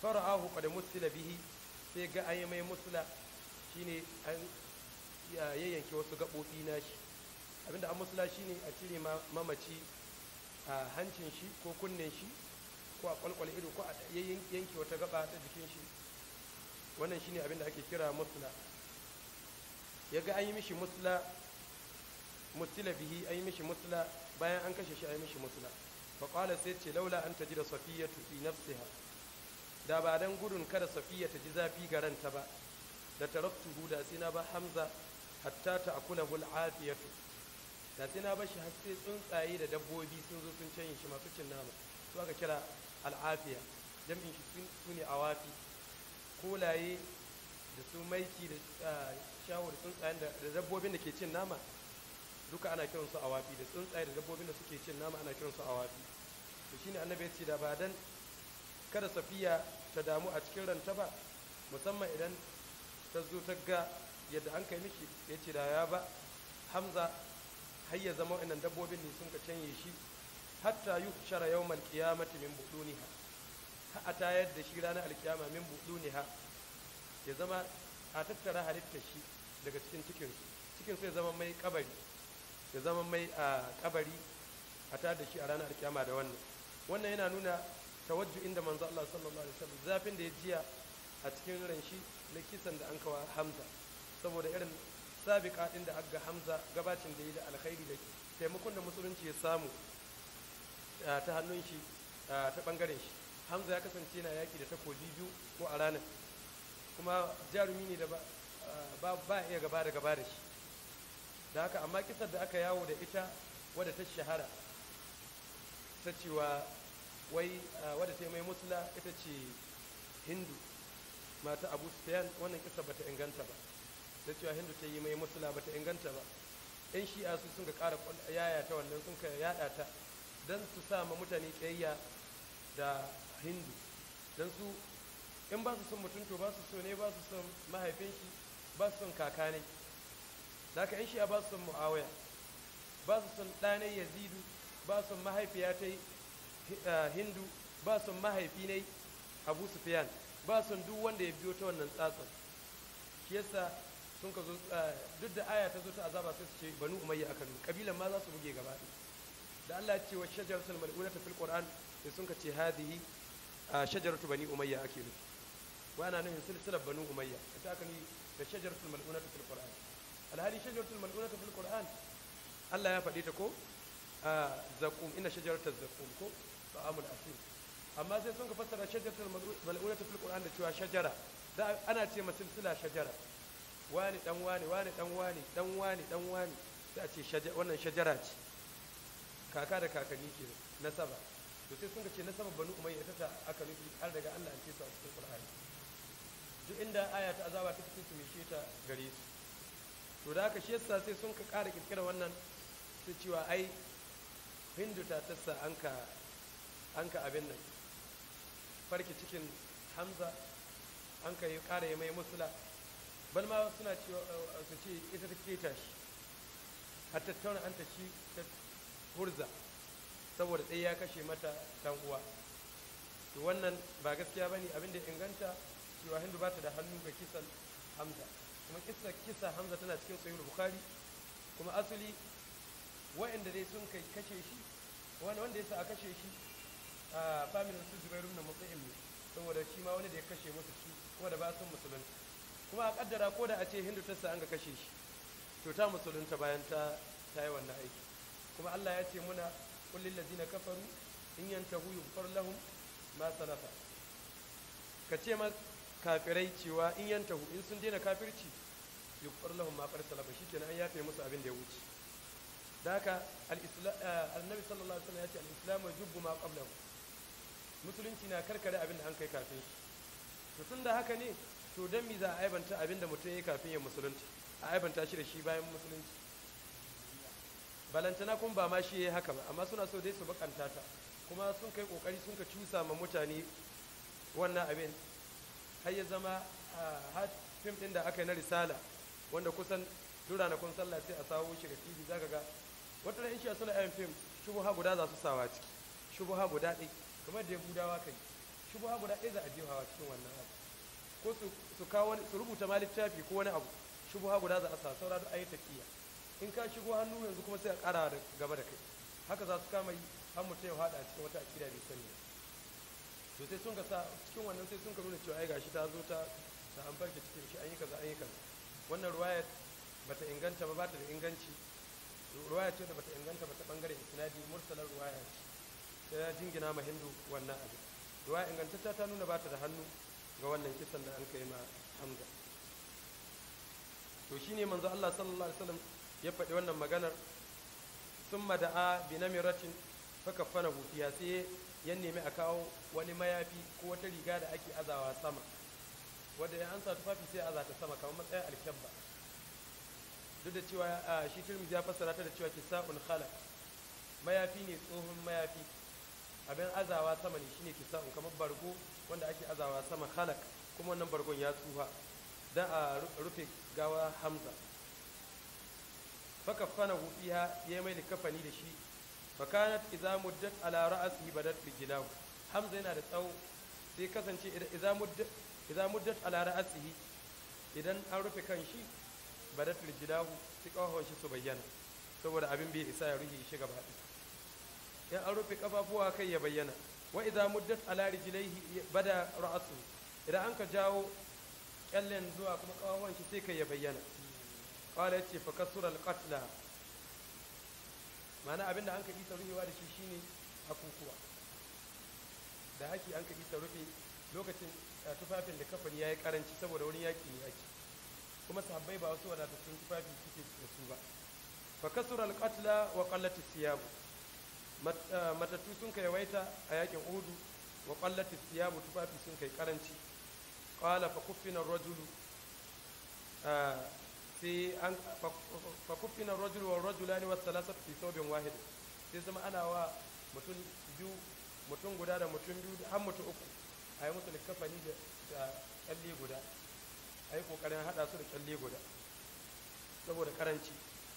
fara'ahu qad mutila bihi sai ga ayi mai musula shine an yayyanke wasu gabobi nashi abinda an musula shine a cire mamaci a hancin shi ko kunnen shi ko a kwalkwal ido ko a yanke wata gaba ta jikin shi wannan shine abinda ake kira musula ya ga an yi mishi musula mutila bihi ayi mishi mutla bayan an kashe shi ayi mishi mutla fa qala sai ce laula an tajida safiyatu fi nafsiha da ba dan gudun kada safiya ta ji zafi ga ranta ba da taraktu da sai na ba hamza hatta ta hul afiyatu da sai na bashi har sai tsuntsaye da dabbobi sun zo sun canye shi masu cin nama su aka kira al'afiya jam'in shi su ne awafi kolaye da su maiki da ah, shawar tsuntsayen da dabbobin da ke cin nama duka ana su awafi da tsuntsaye da dabbobin da suke cin nama ana su awafi to shine annabi ya ce da ba dan kada safiya ta damu a cikin ranta ba musamman idan ta zo ta ga yadda an kai miki ya ce da ya ba hamza har ya zama wannan dabbobin ne sun ka canye shi hatta yi shara yau mal kiyamati min buduniha ha a tayar da shi ranar alkiyama min buduniha ya zama a tattara halittar shi daga cikin cikin cikin sai zama mai kabari ya zama mai a kabari a ta da shi a ranar kyama da wannan wannan yana nuna tawajju inda manzo Allah sallallahu alaihi wasallam zafin da ya jiya a cikin ran shi na kisan da an kawa Hamza saboda irin sabiqa din da aga Hamza gabacin da yi da alkhairi da taimakon da musulunci ya samu ta hannun shi ta bangaren shi Hamza ya kasance yana yaki da takobi biyu ko a ranar kuma jarumi ne da ba ba iya gaba da gaba da shi da haka amma kisar da aka yawo da ita wadda ta shahara ta cewa wai wadda ta yi mai musula ita ce hindu mata abu sufiyan wannan kisar ba ta inganta ba ta cewa hindu ta yi mai musula ba ta inganta ba yan shi'a su sun ka kara yaya ta wannan sun ka yada ta don su sa ma mutane ƙiyayya da hindu don su in ba su son mutum ba su so ne ba su son mahaifin shi ba su son kaka ne da in shi shi'a ba su son muawiya ba su son ɗanai yazidu ba su son mahaifiya ta eh, hindu ba su son mahaifi ne abu fiyan ba su son duk wanda ya biyo ta wannan tsatsan shi yasa sun ka zo eh, duk da aya ta zo ta azaba sai su ce banu umayya aka kanu kabilan ma za su buge gaba da Allah ce wa shajaratul mal'una ta fil qur'an sai sun ka ce hadihi eh, shajaratu bani umayya ake nufi wa ana nufin silsilar banu umayya ita aka ni da shajaratul mal'una ta fil qur'an alhali shajaratul mal'una fil qur'an Allah ya faɗi ta ko a zakum ina shajaratul zakum ko ta'amul asim amma sai sun ka fassara shajaratul mal'una fil qur'an da cewa shajara da ana ce ma silsila shajara wani dan wani wani dan wani dan wani dan wani sai a ce wannan shajara ce kaka da kakanni ke nasaba to sai sun ka ce nasabar banu umayya ta aka nufi har daga Allah an ce su a cikin qur'ani duk inda aya ta azaba ta cikin su mishe ta gare su to da aka shi yasa sai sun ka ƙara kirkira wannan su cewa ai hindu ta tassa an ka abin nan farki cikin hamza an ka yi ƙara mai musula balma suna eh, su ce ita ta keta shi a tattauna an ta ci ta hurza saboda ɗaya ya kashe mata ɗan uwa to wannan ba gaskiya ba ne abinda inganta cewa hindu ba ta da hannu ga kisan hamza kuma kisa kisa hamza tana cikin sahihul bukhari kuma asali wa'anda dai sun kai kashe shi wani wanda yasa a kashe shi a familin su zubairu na mutsa'in ne saboda shi ma wani da ya kashe musu su kuma da ba sun musulunta kuma a kaddara ko da a ce hindu tassa an ga kashe shi to ta musulunta bayan ta ta yi wannan aiki kuma Allah ya ce muna kullil ladina kafaru in yantahu yughfar lahum ma ka ce ma kafirai cewa in yantahu in sun daina kafirci yi kufar ma qad salafa na an yafe musu abin da ya wuce da haka eh, annabi sallallahu alaihi ya ce al-islam yujubbu ma qablahu musulunci na karkare abin da an kai kafin shi to da haka ne to don mi za a aibanta abin da mutum ya kafin ya musulunci a aibanta shi da shi bayan musulunci balantana kun ba ma shi ya yi haka ba amma suna so dai su bakanta ta kuma sun kai kokari sun ka cusa ma mutane wannan abin har ya zama fim din da aka yi na risala wanda kusan na kun sallah sai a sawo shi ga tv za ka ga wata ran shi suna yan fim shubuha guda za su sawa ciki shubuha guda ɗai kamar da wa ka yi shubuha guda ɗai za a hawa cikin wannan abu ko su kawo su rubuta ma littafi ko wani abu shubuha guda za a sa saura duk ayi tafiya in ka shigo hannu yanzu kuma sai a ƙara gaba da kai haka za su kama yi har mutum ya haɗa cikin wata akida bai sani ba to sai sun ka sa cikin wannan sai sun ka nuna cewa ai gashi ta zo ta ta an farke cikin shi an yi kaza an yi kaza wannan ruwayar bata inganta ba bata da inganci ruwaya ce da bata inganta ba ta bangare isnadi mursalar ruwaya ce sai ya jingina ma hindu wannan abu ruwaya ingantacciya ta nuna bata da hannu ga wannan kisan da an kai ma hamza to shine manzo Allah sallallahu alaihi wasallam ya faɗi wannan maganar summa da'a bi namiratin fa kaffana fiya sai ya nemi a kawo wani mayafi ko wata riga da ake azawa sama wadda ya an tufafi sai azata zata sama kamar matsayin alkyabba duk da cewa a shi turmizi ya fassara ta da cewa kisa'un khalaq mayafi ne tsohon mayafi abin azawa sama ne shine sa'un kamar bargo wanda ake azawa sama khalaq kuma wannan bargon ya tsufa dan a rufe gawa hamza fakafana fana hufiya ya mai kafani da shi fa kanat idza muddat ala ra'sihi badat rijlahu hamza yana da tsawo sai kasance iza muddat idza muddat ala ra'sihi idan an rufe kan shi badat rijlahu sai kawo shi su bayyana saboda abin bai isa ya rufe shi gaba ɗaya in an rufe kafafuwa kai ya bayyana wa idza muddat ala rijlaihi bada ra'su idan an ka jawo kyallen zuwa kuma kawo shi sai kai ya bayyana qala yace fa kasura al-qatla Ma'ana abin da an ka isa rufewa da shi shine akukuwa da haki an ka isa rufe lokacin eh, tufafin da kafani ya yi karanci saboda wurin yaƙi ne ake kuma sahabbai ba wasu wadatattun tufafi suke da su ba fa kasura alqatla wa qallati siyabu eh, matattu sun kai waita a yakin udu wa qallati siyabu tufafi sun kai karanci qala fa kuffina rajulu eh, sai an fakufina rajul wa rajulani wa fi thawbin wahid sai zama ana wa mutum biyu mutum guda da mutum biyu har mutum uku a yi musu likafani da kyalle guda a yi kokarin hada su da kyalle guda saboda karanci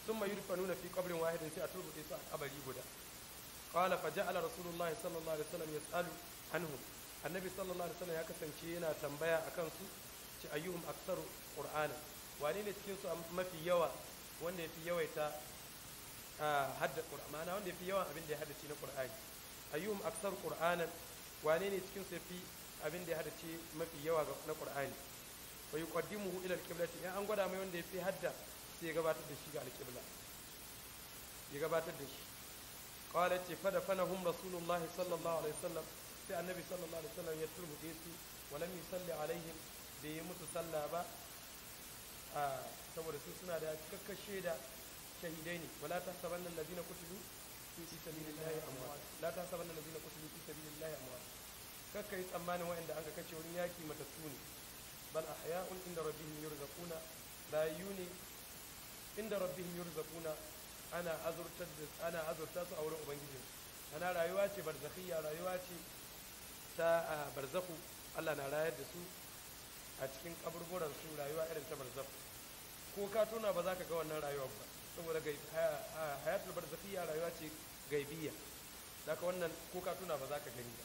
sun mai yurfa nuna fi kwabrin wahidin sai a turbuɗe su a kabari guda kawala fa ja'ala rasulullahi sallallahu alaihi wasallam annabi sallallahu alaihi ya kasance yana tambaya kan su ci ayyuhum aktsaru qur'ana wani ne cikinsu mafi yawa wanda ya fi yawaita hadda qur'ani wanda ya fi yawan abin da ya haddace na qur'ani ayyuhum aksar qur'anan wani ne cikin su ya fi abin da ya haddace mafi yawa na qur'ani wa yuqaddimuhu ila al-qiblati in an gwada mai wanda ya fi hadda sai ya gabatar da shi ga al-qibla ya gabatar da shi qala ce fa da fanahum rasulullahi sallallahu alaihi wasallam sai annabi sallallahu alaihi wasallam ya turbude su wa lam yusalli alaihim bai yi musu sallah ba saboda su suna da cikakkar shaida shahidai ne wala ta saban nan lazina kutulu fi sabilillahi amwat la ta saban nan lazina kutulu fi sabilillahi amwat kakka yi tsammanin wa'anda an kace wurin yaki mata tuni. bal ahya'un inda rabbihim yurzaquna rayu ne inda rabbihim yurzaquna ana azurtar da ana azurta su a wurin ubangijin ana rayuwa ce barzakhiyya rayuwa ce ta barzakhu Allah na rayar da su a cikin kaburburan su rayuwa irin ta barzaf ko ka tuna ba za ka ga wannan rayuwar ba saboda hayatul barzakhiyya rayuwa ce gaibiyya ka wannan ko ka tuna ba za ka gani ba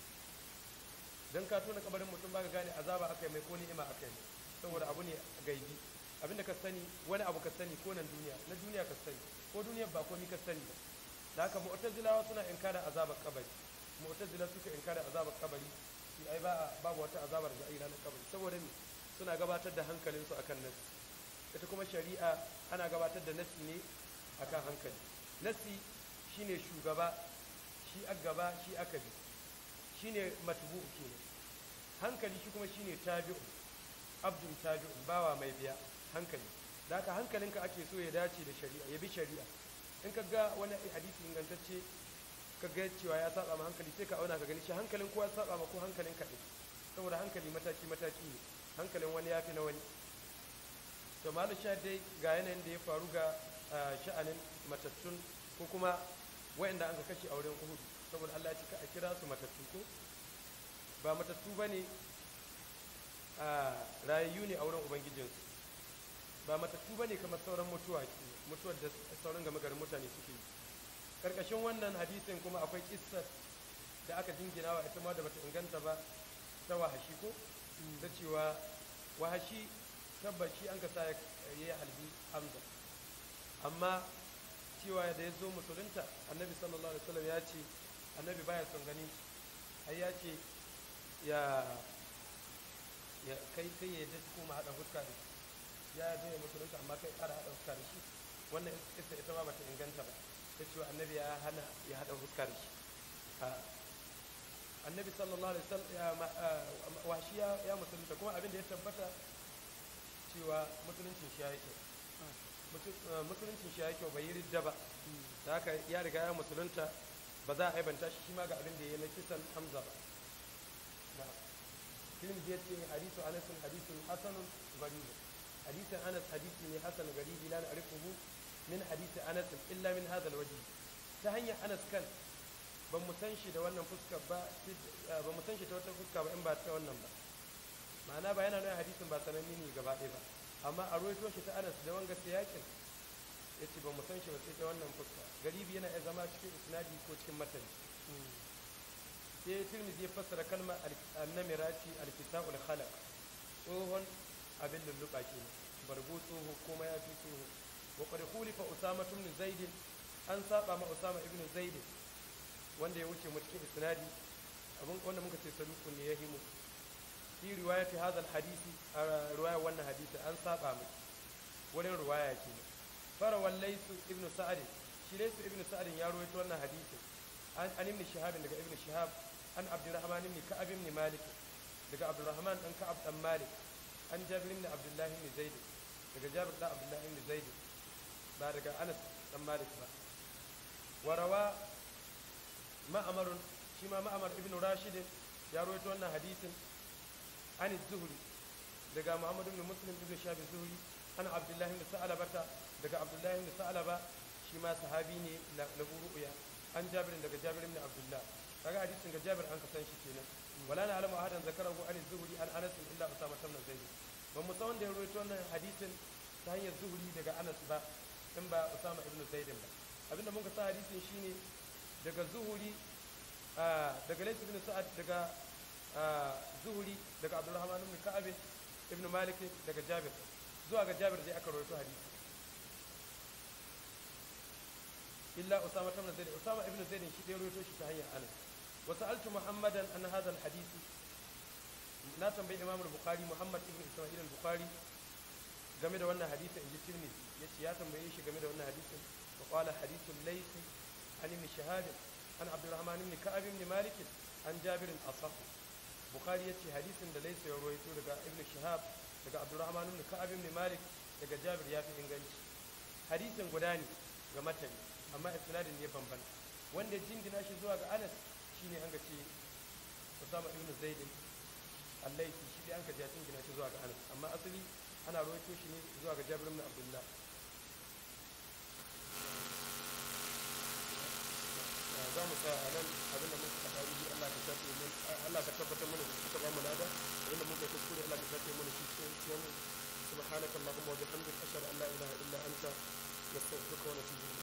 dan ka tuna kabarin mutum ba ka gane azaba akai mai ko ni'ima akai saboda abu ne gaibi abinda ka sani wani abu ka sani ko nan duniya na duniya ka sani ko duniyar ba komai ka sani ba da haka mu'tazilawa suna inkara azabar kabari mu'tazila suka inkara azabar kabari shi ai ba babu wata azabar da ai ranar kabari saboda me suna gabatar da hankalinsu akan nassi ita kuma shari'a ana gabatar da nassi ne akan hankali nassi shine shugaba shi a gaba shi aka bi matubu uke ne, hankali shi kuma shi ne tabi'u abdun tabi'u bawa mai biya hankali da aka hankalinka ake so ya dace da shari'a ya bi shari'a in ka ga wani hadisi ingantacce ka ga cewa ya saba ma hankali sai ka auna ka gani shi hankalin kowa ya saba ma ko hankalin ka saboda hankali mataki mataki ne hankalin wani ya fi na wani to malu sha dai ga yanayin da ya faru ga sha'anin matattun ko kuma wa'anda an ka kashe a wurin uhudu saboda allah ya cika a kira su matattu ko ba matattu ba ne a rayayyu ne a wurin ubangijinsu ba matattu ba ne kamar sauran mutuwa mutuwar da sauran gama garin mutane suke yi karkashin wannan hadisin kuma akwai kissar da aka jingina wa ita ma da bata inganta ba ta wahashi ko ta cewa wahashi tabbaci an ka sa ya yi halbi hamza amma cewa da ya zo musulunta annabi sallallahu alaihi wasallam ya ce annabi baya son gani ai ya ce ya kai kai ya da kuma hada fuska da shi ya zo ya musulunta amma kai kara hada fuska da shi wannan ita ita ma bata inganta ba ta cewa annabi ya hana ya hada fuska da shi annabi sallallahu alaihi wasallam washi ya musulunta kuma abin da ya tabbata cewa musuluncin shi ya yi kyau eh, musuluncin shi ya yi bai yi ridda ba da haka ya riga ya musulunta ba za a aibanta shi ma ga abin da ya yi na kisan hamza ba film ya ce hadisu Anasin hadisun hasanun garibu hadisin anas hadisi ne hasan garibi la na arifuhu min hadisi anas illa min hadal waje ta hanyar anas kan ba mu san shi da wannan eh, fuska ba in ba ta wannan ba ma'ana ba yana nuna hadisin ba sananni ne gaba ɗaya ba amma a ruwaito shi ta anas da wanga yakin ya ce ba mu san shi ba sai ta wannan fuska garibi yana ya zama cikin isnadi ko cikin matan sai tirmidhi ya fassara kalmar annamira ce alkisa'ul khalaq tsohon abin lulluɓa ke bargo tsoho ko mayafi tsoho wa qad khulifa usama ibn zaid an saba ma usama ibn zaid wanda ya wuce mu cikin isnadi abin wanda muka ce saduku ne ya himu fi riwayati hadha hadisi a riwaya wannan hadisi an saba mu wurin riwaya ke ne farawal laysu ibnu sa'd shi laysu ibnu sa'd ya rawaito wannan hadisi an an ibn shihab daga ibn shihab an abdurrahman ibn ka'ab ibn malik daga abdurrahman dan ka'ab dan malik an jabir ibn abdullah ibn zaid daga jabir dan abdullah ibn zaid ba daga anas dan malik ba warawa ma'amarun shi ma ma'amar ibn rashid ya rawaito wannan hadisin an zuhri daga muhammadu ibn muslim ibn shabi zuhri an abdullahi ibn sa'alabata daga abdullahi ibn sa'alaba shi ma sahabi ne na ru'ya an jabirin daga jabirin ibn abdullah daga hadisin ga jabir an kasan shi kenan wala na alama ahadan zakarahu an zuhri an anas illa usama ibn zaid ba mu san wanda ya rawaito wannan hadisin ta hanyar zuhri daga anas ba in ba usama ibn zaid ba abinda mun ka sa hadisin shine daga zuhuri ah, daga layth ibn sa'ad daga ah, zuhuri daga abdurrahman ibn ka'ab ibn malik daga jabir zuwa ga jabir dai aka rawaito hadisi illa usama ibn zaid usama ibn zaid shi dai rawaito shi ta hanyar anas wa sa'altu muhammadan an hadha al hadisi na tambayi imam al-bukhari muhammad ibn isma'il al-bukhari game da wannan hadisi in ji tirmidhi yace ya tambaye shi game da wannan hadisi wa qala hadithul laysi عن ابن شهاب عن عبد الرحمن بن كعب بن مالك عن جابر أصح بخاري يتي حديث ليس يرويته لك ابن شهاب لك عبد الرحمن بن كعب بن مالك لك جابر يافي إنجلش حديث غداني غمتن أما إسنادين يبنبن wanda jingina shi zuwa ga anas shine an ga ce usama ibn zaid allaiti shi dai an ka ja jingina shi zuwa ga anas amma asali ana rawaito shi ne zuwa ga jabir ibn abdullah za mu tsaya a nan abin da muka faɗa yi Allah ka shafe mun Allah ka tabbatar mana da ka ba mu lada abin da muka kuskure Allah ka shafe mana shi cikin subhanakallahumma wa bihamdika ashhadu an la ilaha illa anta nastaghfiruka wa natubu